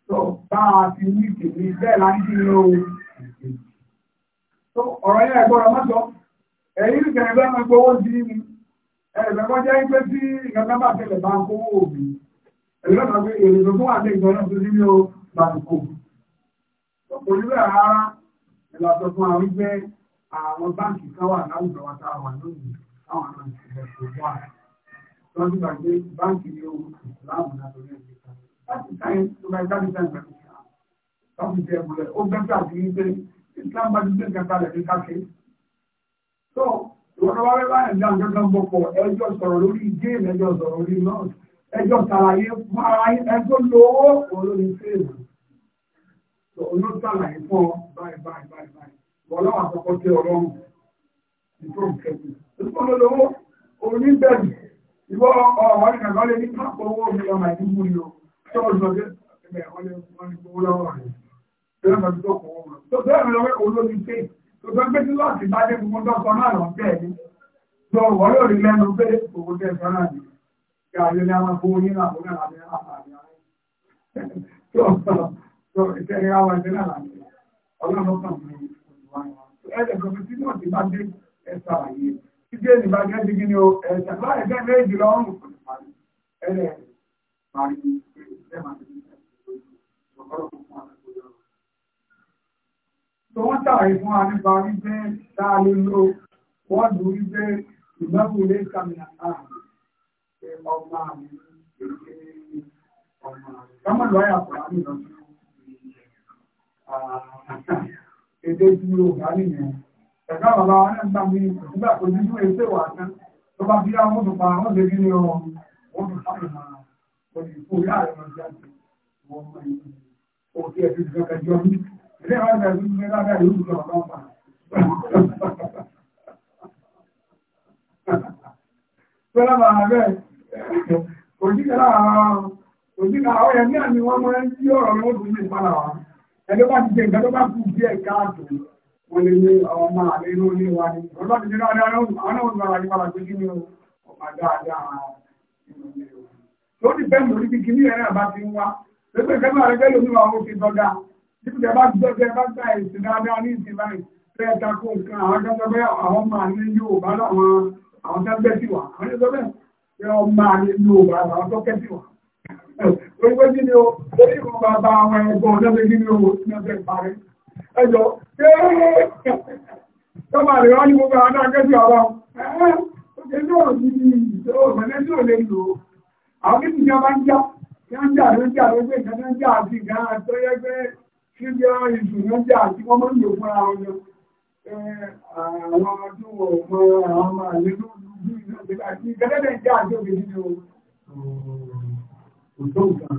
sọ bá a ti ní kìíní bẹ́ẹ̀ la ń dín lóhun ìkejì tó ọ̀rọ̀ yẹn ẹ̀gbọ́n ọmọ sọ ẹ̀yìn nìkan ẹ̀gbẹ́ máa gbowó sí mi ẹ̀gbẹ́ kan jẹ́ pé tí ìgbàgbọ́ ẹ̀lọ́pàá pé èrè tó wà ní ìgbọ́nà tó ní ó gbàǹkó ọ̀pọ̀ nílẹ̀ ara ìlàtọ̀ fún àwọn wípé àwọn báǹkì kan wà láwùjọ wa tá a wà lónìí àwọn àwọn ìṣẹ̀lẹ̀ tó wà lọ́dún gbà pé báǹkì ní owó láwùn náà lórí ẹ̀jẹ̀ kan láti sáyẹn tó bá ìdájọ́ sáyẹn gbà tó ṣá láti jẹ́ ìbúlẹ̀ ó gbẹ́ gbà sí wípé Islam bá ti gbé nǹkan kalẹ̀ ní káṣe tó ìwọ́n tó wá wẹ́ báyìí ní àwọn gẹ́gẹ́ ń bọ̀ pọ̀ ẹjọ́ sọ̀rọ̀ lórí géèmù ẹjọ́ sọ̀rọ̀ lórí nọ́ọ̀sì ẹjọ́ ṣàlàyé fún ara ẹjọ́ lówó olórí fèèrè olóṣàlàyé fún ọ báyìí báyìí báyìí báyìí ọlọ́run àkọ́kọ́ tí ọlọ́run ìtò ìkẹ́kù ìfọ́n lówó oníbẹ̀rù ìwọ ọ̀rọ̀ ìrìnàjò lè ní pápọ̀ owó mi ọmọ ìlú mú ni o tí ó lọ sí ẹgbẹ́ ọlẹ́ wọn ní gbowó lọ́wọ́ rẹ̀ tí ó lọ sí ọkọ̀ owó rẹ̀ tó bẹ́ẹ̀ lọ́wọ́ olórí fèè tó bẹ́ẹ̀ gbé sí láti bá dé gbogbo dọ́kọ̀ náà lọ́ bẹ́ẹ̀ ni lọ́wọ́ yóò rí lẹ́nu pé òwò tẹ̀ sọ́nà nìyí ààrẹ ní a máa fún yín làbọ̀ náà àbí àpàdé ààrẹ. Tí ó sọ sọ ìṣe ìyá wa ìṣe náà làbẹ̀ ọlọ́run kan ní ìwà ìwà. Ẹ̀jẹ̀ kan tí náà ti bá dé ẹ̀sà àyè. Títí èyí bá jẹ́ dígí ni o ẹ̀sà láì méjì lọ́rùn kò ní parí. máa ti Tọ́wọ́n tààrí fún wa nípa wípé dáa lè lo wọ́ọ̀dù wípé ìgbẹ́kùn lè kàmìnà láàrin ọmọ àmì ọmọ àmì ọmọ lọ́yà pàánì lọ sí èdè tí ó bá nìyẹn ẹ̀ka bàbá wa náà ń tàbí nígbà tó dúdú èsè wà tán tó bá bí á wọ́n tó pa wọ́n lè ní ọmọ wọ́n tó sáyẹ̀ máa wọ́n lè kó yára lọ jáde wọ́n mọ ìlú òkè ẹ̀sìn òjíkàrá òjíkàrá ọ̀yẹ̀ ní àmì wọn máa ń tí ọ̀rọ̀ lọ́wọ́ tó ní ìpàdà wa ẹgbẹ́ bá ti jẹ nǹkan tó bá kù díẹ̀ káàtó wọn lè ní ọmọ àlè inú ilé wa ni wọn bá ti jẹ dáadáa àwọn náà ń gbára yí padà pé kí ni ọmọ dáadáa inú ilé wa tó ti bẹ́ẹ̀ lórí kíkí ní ẹ̀rẹ́ àbá ti ń wá pépè kẹ́mọ́ àrẹ́gbẹ́ lómi wa ó ti dọ́gà nípìtẹ́ bá gbọ́dọ̀ bá gba ìsìn dáadáa ní ìsìn báyìí fẹ́ẹ́ takò nǹkan àwọn akẹ́kọ̀ọ́ bẹ́ẹ̀ àwọn ọmọ àlè yóò bá láwọn àwọn tẹ́gbẹ́ sí wa àwọn ẹ̀dọ́ bẹ́ẹ̀ pé ọmọ nínú bàbá àwọn ẹ̀gbọ́n náà gẹ́gẹ́dẹ̀ jẹ́ àjọ òbí ní òtó nǹkan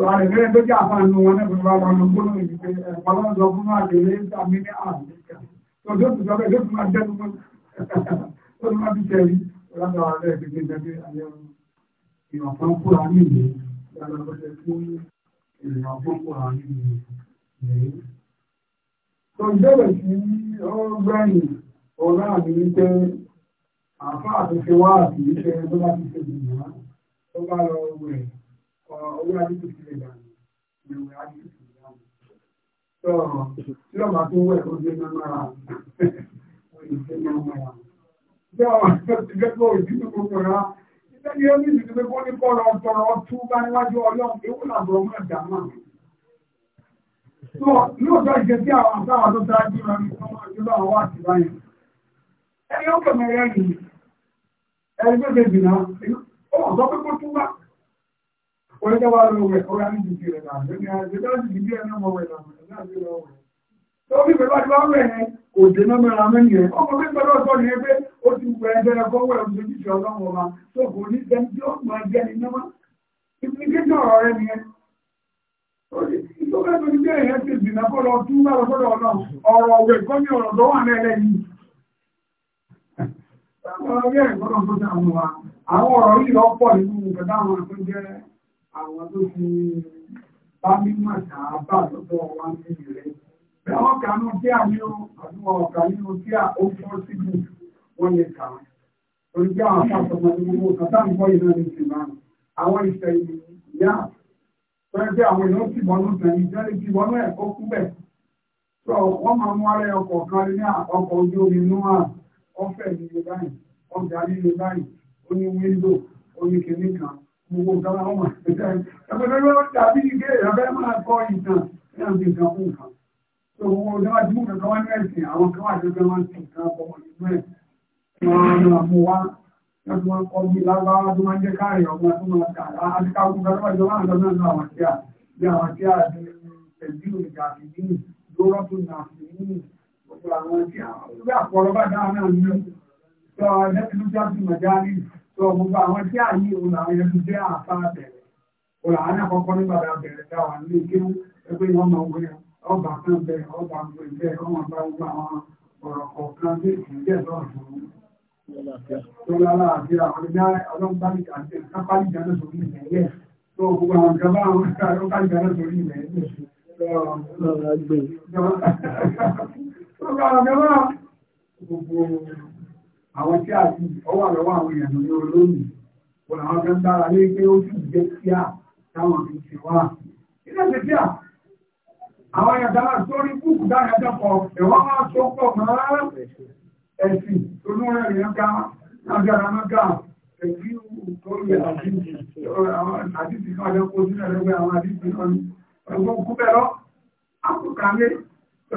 ààrẹ gẹ́gẹ́ tó jẹ́ àfààní wọn náà fún wa wọn gbóná ìlú pé ọlọ́run sọ fún àjọ ilé àmì ní àmìkà tó tó ti sọ bẹ́ẹ̀ tó ti máa jẹ́ tuntun tó ti máa fi tẹ̀lé ọlọ́dọ̀ ààrẹ gẹ́gẹ́ gẹ́gẹ́ ayé ìwọ̀n fún kúrò ní ìlú ìyàrá lọ́sẹ̀ fún ìwọ̀n fún kúrò ní ìlú. tó ìbẹ̀rẹ̀ sí ọgbẹ́yìn ọlọ́run ní pé àfá àtúnṣe wá àti iṣẹ́ tó bá ti ṣe jùlọ tó bá lọ wẹ̀ owó adíkù sílẹ̀ dànù ìwẹ̀ adíkù sílẹ̀ dànù. tó tí ó bá tún wẹ̀ ó dé náà mára ó lè dé náà mára. tó ti jẹ́ pé òjì tó kókó rá iṣẹ́ ni ó ní ìdílé pé kó ní kọ́ra ọ̀tọ̀rọ̀ tú bá níwájú ọlọ́run ewu làbọ̀ ẹgbẹ́gbẹ́ jìnnà ó wọ́n sọ pé kó tún bá wọ́n jẹ́ wá lọ wẹ̀ ọ̀rẹ́ àmì jìjì rẹ̀ náà lẹ́nu àti láti jìjì ẹ̀ náà mọ̀ wẹ̀ náà lẹ́nu àti lọ́wọ́ rẹ̀ tó bí pẹ̀lú àti wọ́n wẹ̀ kò dé náà mẹ́ra mẹ́ni rẹ̀ ọkọ̀ pé pẹ̀lú ọ̀sọ́ ni pé ó ti wẹ̀ ẹgbẹ́ rẹ̀ kọ́wọ́ ẹ̀ ọ̀sọ́ jíjì ọlọ́wọ́ ma tó kò ní sẹ́ni tí ó máa jẹ́ ni náà ìpínlẹ̀ ọ̀rọ̀ rẹ̀ nìyẹn ìtọ́kẹ́ tó ní bẹ́ẹ̀ yẹn ti dìnnà kọ́ lọ tún bá ọ̀rọ̀ ọ̀rọ̀ Àwọn tó fi bá mímọ̀ tààbà lọ́dọ̀ wá ní ìrẹ́. Bẹ́ wọ́n kà tí a ní àdúgbò ọ̀kà nínú tí a ó fọ́ síbù wọ́n lè kà. Torí pé àwọn afásọmọ ní gbogbo kàtà ń bọ́ iná ní ti Àwọn ìṣẹ̀ ọ̀fẹ́ nílé báyìí ọjà nílé báyìí ó ní wíńdò ó ní kinní kan gbogbo nǹkan máa ń wà ẹgbẹ́ ẹgbẹ́ dàbí ike ìrọ̀bẹ́ máa kọ ìtàn ní àti nǹkan fún nǹkan tó gbogbo ọjọ́ àti mú kankan wá ní ẹ̀sìn àwọn kan wà lókè máa ń tì kan ọmọ ìlú ẹ̀ máa mú wá láti máa kọ́ bí lágbára tó máa ń jẹ́ káàrí ọmọ tó máa kà á àti káwọn kan tó máa jọ ọ̀pọ̀lọpọ̀ àwọn tí àpọ̀lọ́ bá dáa náà ní sọ ẹlẹ́tìlú jáde mọ̀jáde sọ gbogbo àwọn tí àyè òun àwọn ẹlẹ́tìlú jẹ́ àfa bẹ̀rẹ̀ òun àwọn àkọ́kọ́ nígbà dá bẹ̀rẹ̀ dá wà nílé kí ẹgbẹ́ wọn máa wọ ọba kan bẹ ọba gbogbo ìbẹ́ ọmọ bá gbogbo àwọn ọ̀rọ̀ kọ̀ọ̀kan bí ìpínlẹ̀ náà tó tó lára àti àwọn ẹgbẹ́ ọlọ́gbàlì àti kápálì jáde sórí ilẹ̀ yẹ tó gbogbo àwọn ìjọba àwọn ọlọ́gbàlì jáde sórí ilẹ̀ yẹ Àwọn tí a ti ọwọ́ àlọ́wọ́ àwọn èèyàn ní olómi, wọ́n àwọn kan dára ní pé ó sì jẹ́ sí à táwọn fi ṣe wá. Ilé ṣe sí à, àwọn èèyàn dára sórí kúkú dára jẹ́pọ̀, ẹ̀wọ́n máa tó pọ̀ mọ́ ẹ̀sìn tó ní wọ́n rẹ̀ yẹn ká, lágbára mọ́gà, ẹ̀sí tó yẹ àdìsí kan jẹ́ kó sílẹ̀ lẹ́gbẹ̀ẹ́ àwọn àdìsí kan. Ẹ̀gbọ́n kú bẹ̀rọ, á kú kàmé, tó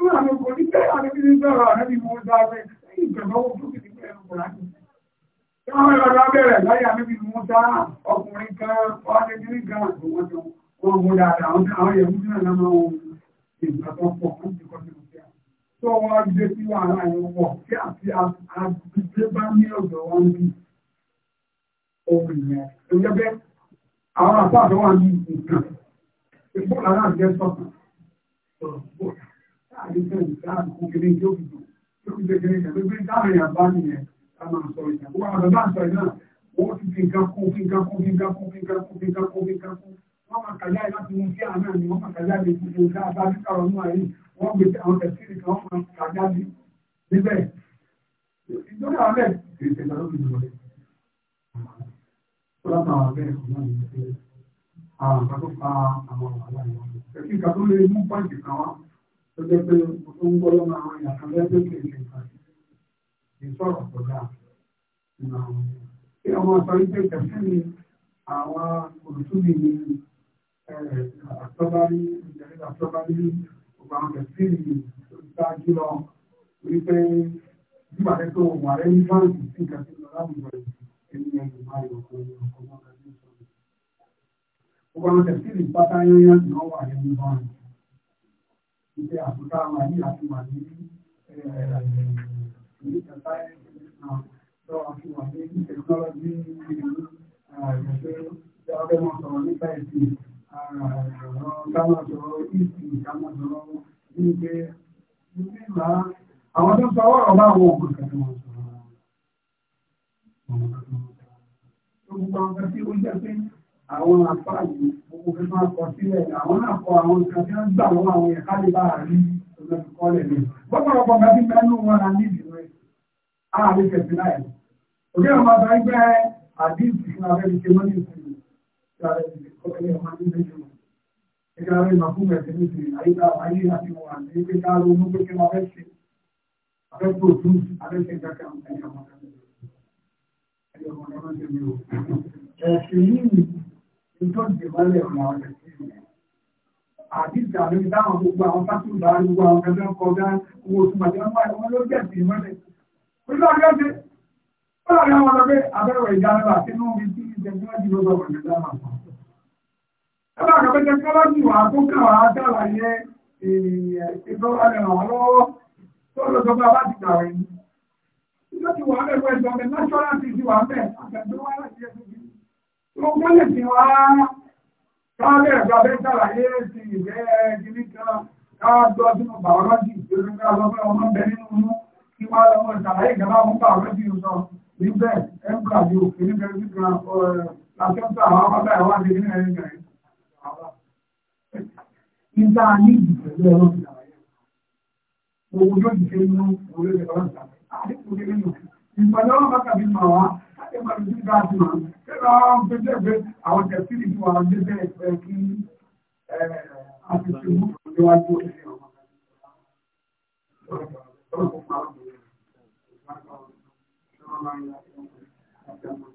tó àwọn kò ní pẹ́ àwọn ibi sọ̀rọ̀ àrẹ́bí mú sáré ìjọba ó tó kìí pẹ́ ẹnu kòrá ní. Táwọn ìrọ̀lá bẹ̀rẹ̀ láyé àrẹ́bí mú sá ọkùnrin kan ọ̀dẹ́gbẹ̀rin kan àti wọ́n tó wọ́n mú dáadáa àwọn yẹ̀mú sí náà máa ń ìgbà tó pọ̀ fún ti kọ́sí lókè. Tó wọ́n gbé sí wàhálà yẹn wọ̀ kí àti àgbègbè bá ní ọ̀dọ̀ wọn bí ohun ìyẹn. Ẹgbẹ́ bẹ́ àwọn àpá àdọ́wà ní ìtàn. Ìfúnra náà jẹ́ sọ́kàn. Sọ̀rọ̀ àdéhùn ìdáhùn kó kéde tí ó fi dùn tó fi gbẹgbẹ ìdàgbé pé dáhùn ìyá bá nìyẹn ká máa sọ ìjà wọn àgbà bá sọ ìná wọn ti fi nǹkan kún fi nǹkan kún fi nǹkan kún fi nǹkan kún fi nǹkan kún fi nǹkan kún wọn máa kàjá yìí láti mú sí àná ni wọn máa kàjá yìí tuntun ká bá ní kàrọ nù àyè wọn gbèsè àwọn tẹsíìrì kan wọn máa kàjá yìí níbẹ̀ ìjọba àwọn bẹ́ẹ̀ kìrìtẹ̀ lọ́dọ̀ fi dùn rẹ̀ wọ́n láta àwọn bẹ́ẹ̀ kọ̀ọ̀nà ìgbésẹ̀ àwọn àgbà tó fa àwọn àgbà yìí kẹ̀kí ìgbà tó lè mú pọ́ǹtì kan wá tó jẹ́ pé mo tó ń gbọ́ lọ́mọ àwọn èèyàn kan lẹ́gbẹ́ kéèké nǹkan kì í sọ̀rọ̀ tó dáa nínú àwọn èèyàn. Bí ọmọ sọ wípé tẹ̀sí ni àwọn olùtúbi ni àtọ́bárí ìjẹ́rìí àtọ́bárí gbogbo àwọn tẹ̀sí ni tó ń ṣáájú lọ wípé nígbà tí tó wà rẹ̀ ní báńkì sí nǹkan tí lọ láwùjọ ènìyàn ìgbé àbúrò àwọn àyè àti wà ní ìlú sáyẹ́ǹsì náà tó àti wà ní tẹkinọ́lọ́jì ìlú eh, ìgbésẹ̀ tí a fẹ́ mọ̀ sọ̀rọ̀ nípa ẹ̀sìn eh, ọ̀rọ̀ káwọn àwọn àpáàdì owó fẹ́ máa kọ sílẹ̀ àwọn náà kọ àwọn nǹkan tí wọ́n gbà lọ́wọ́ àwọn ẹ̀ka lè bá rí olùkọ́lẹ̀ mi gbọ́pọ̀lọpọ̀ nǹkan tí mẹ́nu wọn là ní rẹ̀ ààrẹ kẹsì láì òkè ọmọ ọba ẹgbẹ́ àdínkù fún abẹ́rẹ́ ṣe mọ́ ní ìsinmi tí a rẹ̀ ti kọ́kẹ́lẹ́ ọmọ ní méjì wọn ẹgbẹ́ rẹ̀ máa fún mẹ́sẹ̀ ní ìsinmi àyíká ayé àti wọn àti ẹgbẹ́ ká ló mú pé kí wọ́n fẹ́ ṣe abẹ́ tó tún abẹ́ ṣe kankan ẹ̀yọ̀ ọmọ kan ẹ̀yọ̀ ọmọ kan ẹ̀yọ̀ ọmọ kan ẹ̀yọ̀ ọmọ kan ẹ̀yọ̀ ọmọ kan ẹ̀yọ̀ ọmọ kan ẹ̀yọ̀ ọmọ kan ẹ̀yọ̀ ọmọ kan ẹ̀yọ̀ ọmọ kan ẹ̀yọ̀ ọmọ kan ẹ̀yọ̀ ọmọ kan ẹ̀yọ̀ ọmọ kan ẹ̀yọ̀ ọmọ kan ẹ̀yọ̀ ìtọ́jú ìmọ̀lẹ̀ ọ̀nà ọ̀rẹ́ àti ìtàlẹ́ ìdáhùn gbogbo àwọn fásitì bá gbogbo àwọn kẹfẹ́ ń kọjá owó tó màjá ń wáyé wọn ló jẹ́ sí ìmọ̀lẹ̀ ojú àjọ ṣe ó lọ́ọ́ yàwọn lọ pé abẹ́rẹ́ ìdánilá àti inú omi tí tẹkinọ́lọ́jì ló lọ́wọ́ ìgbà máa fọ́. ẹ bá kàwé tẹkinọ́lọ́jì wà tó kàwá dàlàyé ìtọ́wọ́ ẹ̀ràn lọ́wọ́ tó lọ́sọ bá bá ti kàwé. ìjọ ti wà mẹ́rin ẹ̀jọ̀ mẹ́ Gbogbo lè fi wá káàbẹ̀ ìgbàbẹ́ sàlàyé sí ìwẹ́ gidi kan káàbọ̀ sínú bàọ́lọ́jì lórí káàbọ̀ ọmọ bẹ nínú mú kí wá lọ́wọ́ ìsàlàyé ìgbàbá fún bàọ́lọ́jì sọ níbẹ̀ ẹ̀kọ́ àti òkè níbẹ̀ sí kan làtọ́sọ àwọn ọmọdé àwọn àti nínú ẹ̀yìn rẹ̀. Níta ní ìdìbò ẹ̀rọ ìsàlàyé. Gbogbo yóò ti ṣe inú orí ẹ̀rọ ẹgbẹ́ mi ti dáa sí wa ṣé lọ gbẹgbẹ gbẹ àwọn tẹ̀sí ni fún wa gbẹgbẹ Thank you.